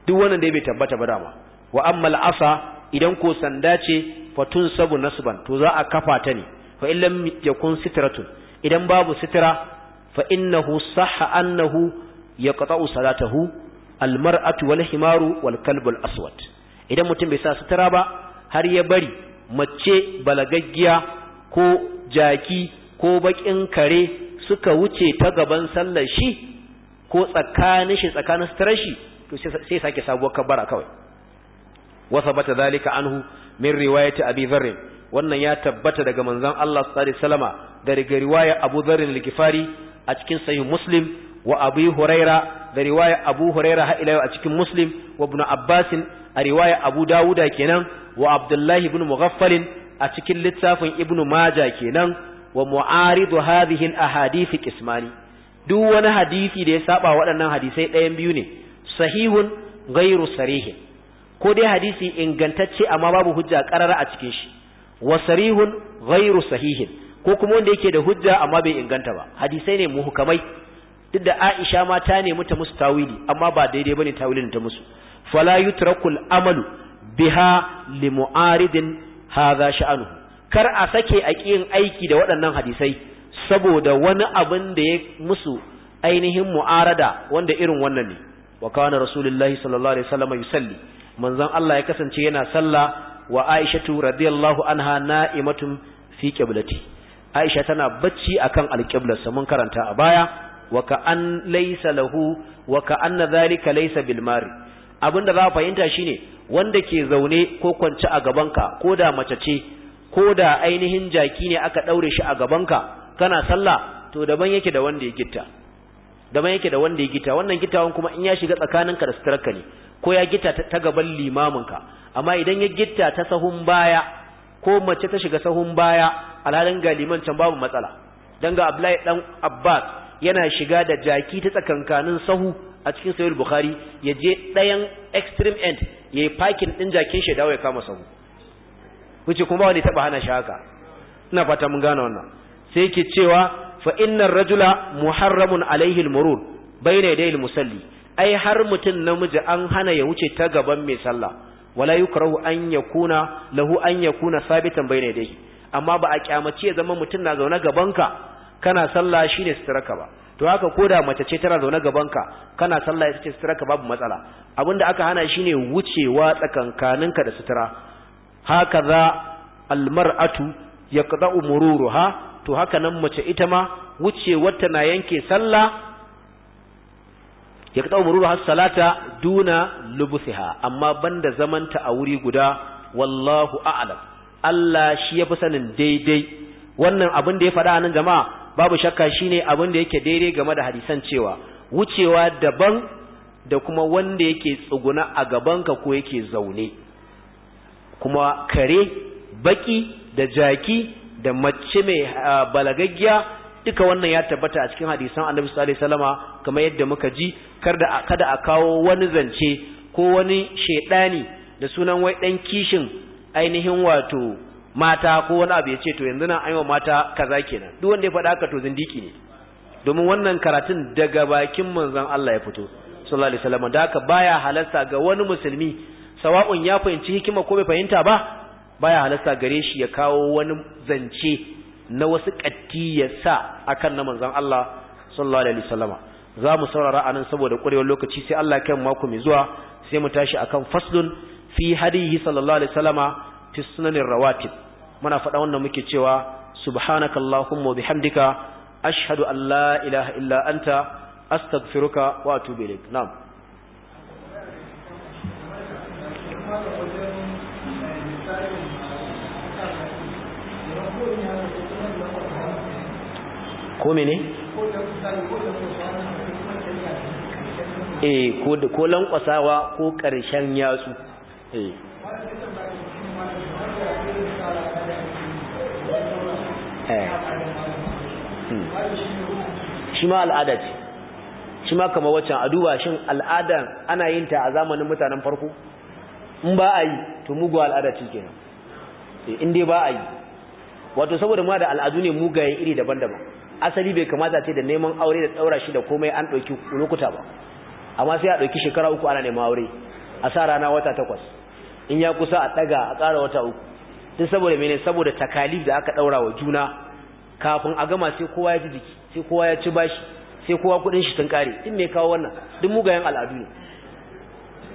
duk wannan da ya bai tabbata ba dama wa amma al'asa asa idan ko sanda ce fatun sabu nasban to za a kafa ta ne fa in lam yakun sitratun idan babu sitra fa innahu sahha annahu yaqta'u salatahu almar'atu wal himaru wal kalbu al aswad idan mutum bai sa sitra ba har ya bari mace balagaggiya ko jaki ko bakin kare suka wuce ta gaban sallar shi ko tsakanin shi tsakanin sitrar shi to sai sake sabuwar kabara kawai wa sabata zalika anhu min riwayati abi wannan ya tabbata daga manzon Allah sallallahu alaihi wasallama da daga riwaya Abu Dharr al-Ghifari a cikin sahih Muslim wa Abi Huraira da riwaya Abu Huraira har ila a cikin Muslim wa Ibn Abbas a riwaya Abu Dawuda kenan wa Abdullahi ibn Mughaffal a cikin littafin Ibn Majah kenan wa mu'aridu hadhihi al-ahadith qismani duk wani hadisi da ya saba waɗannan hadisai ɗayan biyu ne sahihun ghairu sarihin ko dai hadisi ingantacce amma babu hujja karara a cikin shi wa sarihun ghairu sahihin ko kuma wanda yake da hujja amma bai inganta ba hadisai ne muhkamai duk da Aisha ma ta nemi ta musu tawili amma ba daidai bane tawilin ta musu fala yutrakul amalu biha li mu'aridin hadha sha'anu kar a sake a kiyin aiki da waɗannan hadisai saboda wani abin da ya musu ainihin mu'arada wanda irin wannan ne wa kana rasulullahi sallallahu alaihi wasallam yusalli manzon Allah ya kasance yana sallah wa Aishatu radiyallahu anha na'imatun fi qiblati Aisha tana bacci akan sa mun karanta a baya wa ka an laysa lahu wa ka anna dhalika laysa bil mari abinda za fahimta shine wanda ke zaune ko kwance a gabanka ko da mace ce ko da ainihin jaki ne aka daure shi a gabanka kana sallah to daban yake da wanda ya gitta daban yake da wanda ya gita wannan gitawan kuma in ya shiga tsakaninka da suturarka ne ko ya gitta ta gaban limaminka amma idan ya gitta ta sahun baya ko mace ta shiga sahun baya alhalin ga liman can babu matsala dan ga Abdullahi dan Abbas yana shiga da jaki ta tsakankanin sahu a cikin sahih Bukhari ya je ɗayan extreme end yayi parking din jakin shi dawo ya kama sahu wuce kuma wani taba hana shi haka ina fata mun gane wannan sai yake cewa fa innar rajula muharramun alaihi almurur bayna yadayil musalli ai har mutum namiji an hana ya wuce ta gaban mai sallah wala yukrahu an yakuna lahu an yakuna sabitan bayna yadayhi amma ba a kyamace zama mutum na zaune gabanka kana sallah shine sitraka ba to haka koda mace ce tana zaune gabanka kana sallah ita ce sitraka babu matsala abinda aka hana shine wucewa tsakankaninka da sutura hakaza almar'atu yaqda'u mururuha to haka nan mace ita ma wucewarta na yanke sallah ya ka taɓa salata duna lubusiha amma banda zamanta a wuri guda wallahu a'lam Allah shi ya fi sanin daidai wannan abin da ya faɗa nan jama'a babu shakka shine abin da yake daidai game da hadisan cewa wucewa daban da kuma wanda yake tsuguna a gaban ka ko yake zaune kuma kare baki da jaki da mace mai ah, balagaggiya duka wannan ya tabbata a cikin hadisan annabi sallallahu alaihi wasallama kamar yadda muka ji kada kada a kawo wani zance ko wani shedani da sunan wai dan kishin ainihin wato mata ko wani abu ya ce to yanzu nan an yi wa mata kaza kenan duk wanda ya faɗa haka to zindiki ne domin wannan karatun daga bakin manzon Allah ya fito sallallahu alaihi wasallama da haka baya halasta ga wani musulmi sawa'un ya fahimci hikima ko bai fahimta ba baya halarta gare shi ya kawo wani zance na wasu katti ya sa akan na manzan Allah sallallahu alaihi wasallama za mu saurara nan saboda ƙwarewar lokaci sai Allah kai mako mai zuwa sai mu tashi a kan faslun fi hadihi sallallahu alaihi wasallama fi sunanin rawatib muna faɗa wannan muke cewa subhanakallahumma wa bihamdika ashhadu an la ilaha illa anta astaghfiruka wa atubu ilaik na'am ko mene eh ko lankwasawa ko karshen yatsu eh, eh. Hmm. shi ma al'ada ce shi ma kama waccan a duba shin al'ada ana yin ta a zamanin mutanen farko in ba a yi to mugu al'ada ce kenan eh, in dai ba a yi wato saboda ma da al'adu ne mugayen iri daban-daban asali bai kamata ce da neman aure da ɗaura shi da komai an ɗauki lokuta ba amma sai a ɗauki shekara uku ana neman aure a sa rana wata takwas in ya kusa a ɗaga a ƙara wata uku Tun saboda mene saboda takalif da aka ɗaura wa juna kafin a gama sai kowa ya ji jiki sai kowa ya ci bashi sai kowa kuɗin shi sun kare in mai kawo wannan duk mugayen al'adu ne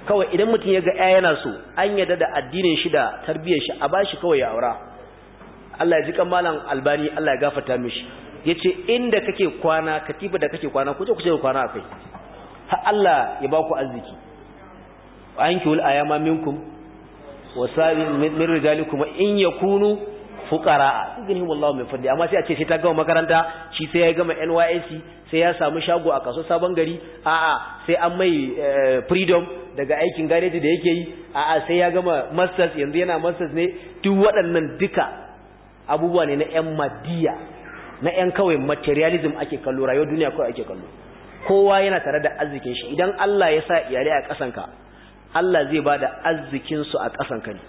kawai idan mutum ya ga ya yana so an yadda da addinin shi da tarbiyyar shi a bashi kawai ya aura Allah ya ji kan malam albani Allah ya gafarta mishi Ya ce inda kake kwana katifa da kake kwana kuce kuce kwana akwai. ha Allah ya ba ku arziki ankihul ayama minkum sabi min rijalikum in yakunu fuqara yughnihim wallahi mai fadi amma sai a ce sai ta gama makaranta shi sai ya gama NYSC sai ya samu shago a kaso sabon gari a'a sai an mai eh, freedom daga aikin gareji da yake yi a'a sai ya gama masters yanzu yana masters ne duk waɗannan duka abubuwa ne na yan madiya na yan kawai materialism ake kallo rayuwar duniya kawai ake kallo kowa yana tare da arzikin shi idan Allah ya sa iyali a ka, Allah zai bada arzikin su a ka ne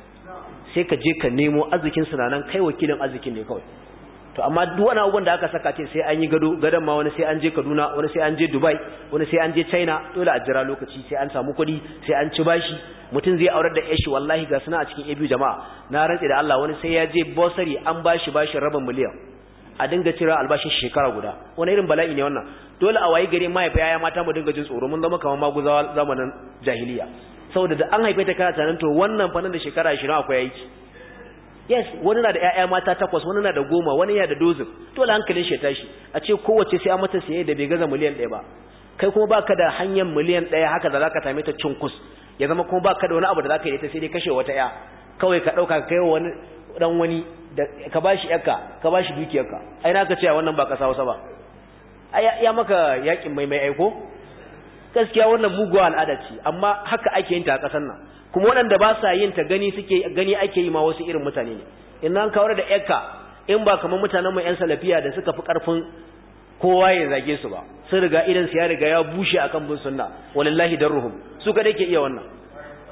sai ka je ka nemo arzikin su nan kai wakilin arzikin ne kawai to amma duk wani abubuwan da aka saka ce sai an yi gado gadon ma wani sai an je Kaduna wani sai an je Dubai wani sai an je China dole a jira lokaci sai an samu kuɗi sai an ci bashi mutum zai aurar da yashi wallahi ga suna a cikin abu jama'a na rantsi da Allah wani sai ya je Bosari an bashi bashin rabin miliyan a dinga cira albashin shekara guda wani irin bala'i ne wannan dole a wayi gari mai fayaya mata mu dinga jin tsoro mun zama kamar maguzawa zamanin jahiliya saboda da an haife ta kana tanan to wannan fannin da shekara 20 akwai aiki yes wani na da yaya mata takwas wani na da goma wani ya da dozin dole hankalin shi ya tashi a ce kowace sai an mata saye da bai gaza miliyan ɗaya ba kai kuma baka da hanyar miliyan ɗaya haka da zaka same ta cunkus ya zama kuma baka da wani abu da zaka yi ta sai dai kashe wata ya kawai ka dauka kai wani dan wani da ka bashi yakka ka bashi dukiyarka ai naka ce wannan ba kasa wasa ba ya maka yakin mai mai aiko gaskiya wannan muguwa al'ada ce amma haka ake yin ta a kasar nan kuma waɗanda ba sa yin ta gani suke gani ake yi ma wasu irin mutane ne in an kawar da yakka in ba kamar mutanen mu yan salafiya da suka fi karfin kowa ya zage su ba sun riga idan su ya riga ya bushe akan bin sunna wallahi darruhum su kadai ke iya wannan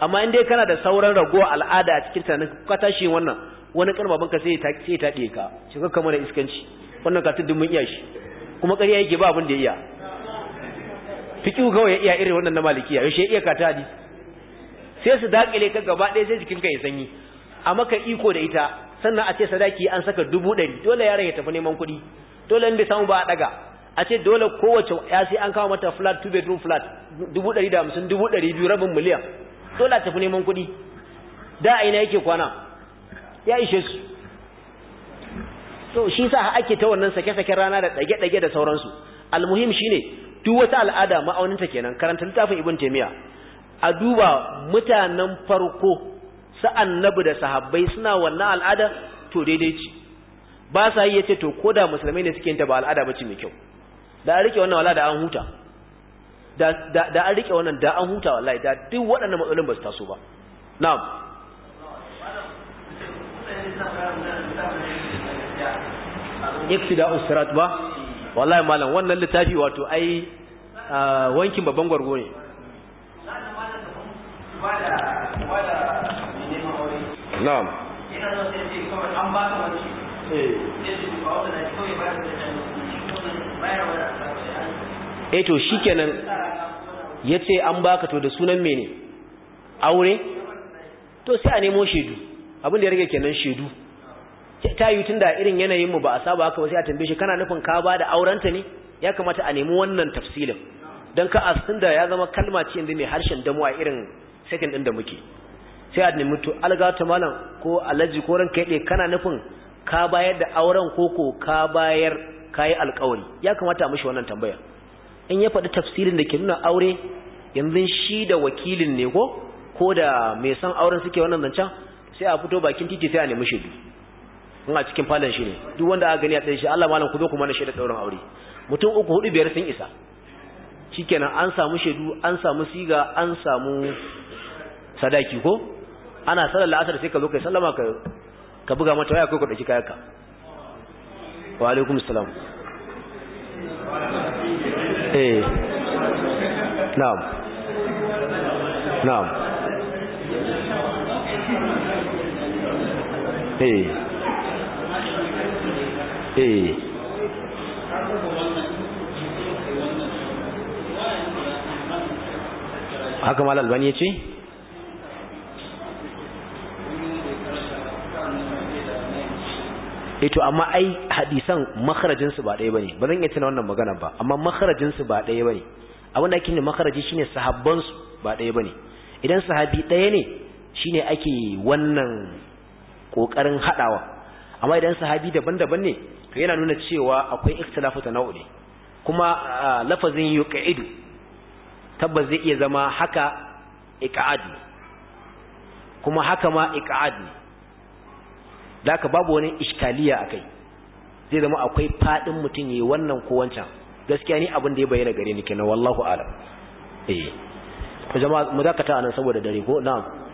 amma in dai kana da sauran ragowa al'ada a cikin tunanin ka tashi wannan wani kan babanka sai ta ce ta ɗe ka shi kakka mana iskanci wannan ka tuddin mun iya shi kuma ƙarya yake ba abin da ya iya fiƙi kawai ya iya irin wannan na malikiya yaushe iya ka tadi sai su daƙile ka gaba ɗaya sai jikinka ya sanyi a maka iko da ita sannan a ce sadaki an saka dubu ɗari dole yaron ya tafi neman kuɗi dole in bai samu ba a ɗaga a ce dole kowace ya sai an kawo mata flat two bedroom flat dubu ɗari da hamsin dubu ɗari biyu rabin miliyan dole a tafi neman kuɗi da a ina yake kwana ya ishe su so shi sa ake ta wannan sake-saken rana da ɗage-ɗage da sauransu almuhim ne duk wata al'ada ma'auninta kenan karanta littafin ibn taymiya a duba mutanen farko sa'an nabu da sahabbai suna wannan al'ada to daidai ce ba sa yi yace to da musulmai ne suke ta ba al'ada ba ce mai kyau da an rike wannan wala da an huta da da an rike wannan da an huta wallahi da duk waɗannan matsalolin ba su taso ba na'am iktida usirat ba wallahi malam wannan littafi wato ai wankin babban gwargo ne na'am eh to shikenan yace an baka to da sunan mene aure to sai a nemo shedu abin da ya rage kenan shaidu ta yi tun da irin yanayinmu ba a saba haka ba sai a tambaye shi kana nufin ka ba da aurenta ne ya kamata a nemi wannan tafsilin don ka sun da ya zama kalma ce inda mai harshen damu a irin second din da muke sai a nemi to alga ta malam ko alaji ko ranka yade kana nufin ka bayar da auren koko ka bayar ka yi alƙawari ya kamata a mishi wannan tambaya in ya faɗi tafsirin da ke nuna aure yanzu shi da wakilin ne ko ko da mai san auren suke wannan zancen sai a fito bakin titi sai a nemi shidu. in a cikin falon shi ne duk wanda aka gani a tsaye shi Allah malam ku zo ku mana shaida daurin aure mutum uku hudu biyar sun isa shikenan an samu shaidu an samu siga an samu sadaki ko ana sallar la'asar sai ka zo kai sallama ka ka buga mata waya kai ku dauki kayanka wa alaikum salam eh na'am na'am eh eh haka ma albani ya ce ito eh, amma ai hadisan makarajinsu ba ɗaya ba ne ba zan iya wannan magana ba amma makarajinsu ba ɗaya ba ne abinda ake ne makaraji shine sahabbansu ba ɗaya ba ne idan sahabi ɗaya ne shine ake wannan kokarin hadawa amma idan sahabi daban-daban ne to yana nuna cewa akwai ikhtilafu tanau ne kuma lafazin yuqaidu tabbas zai iya zama haka iqad kuma haka ma iqad ne ka babu wani iskaliya akai zai zama akwai fadin mutun yayi wannan ko wancan gaskiya ni abin da ya bayyana gare ni kenan wallahu a'lam eh jama'a mu dakata anan saboda dare ko na'am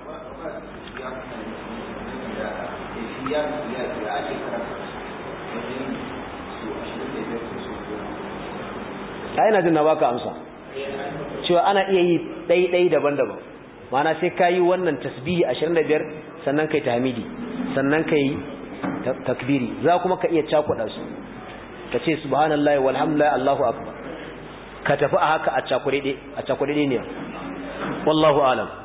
a ta yana jin na baka amsa eh, cewa ana iya yi ɗaiɗai daban-daban mana sai ka yi wannan tasbihi ashirin da biyar sannan kai tahmidi sannan kai takbiri za kuma ka iya cakuɗa su ka ce subhanallahi walhamdulillah allahu akbar ka tafi a haka a cakuɗe ne wallahu alam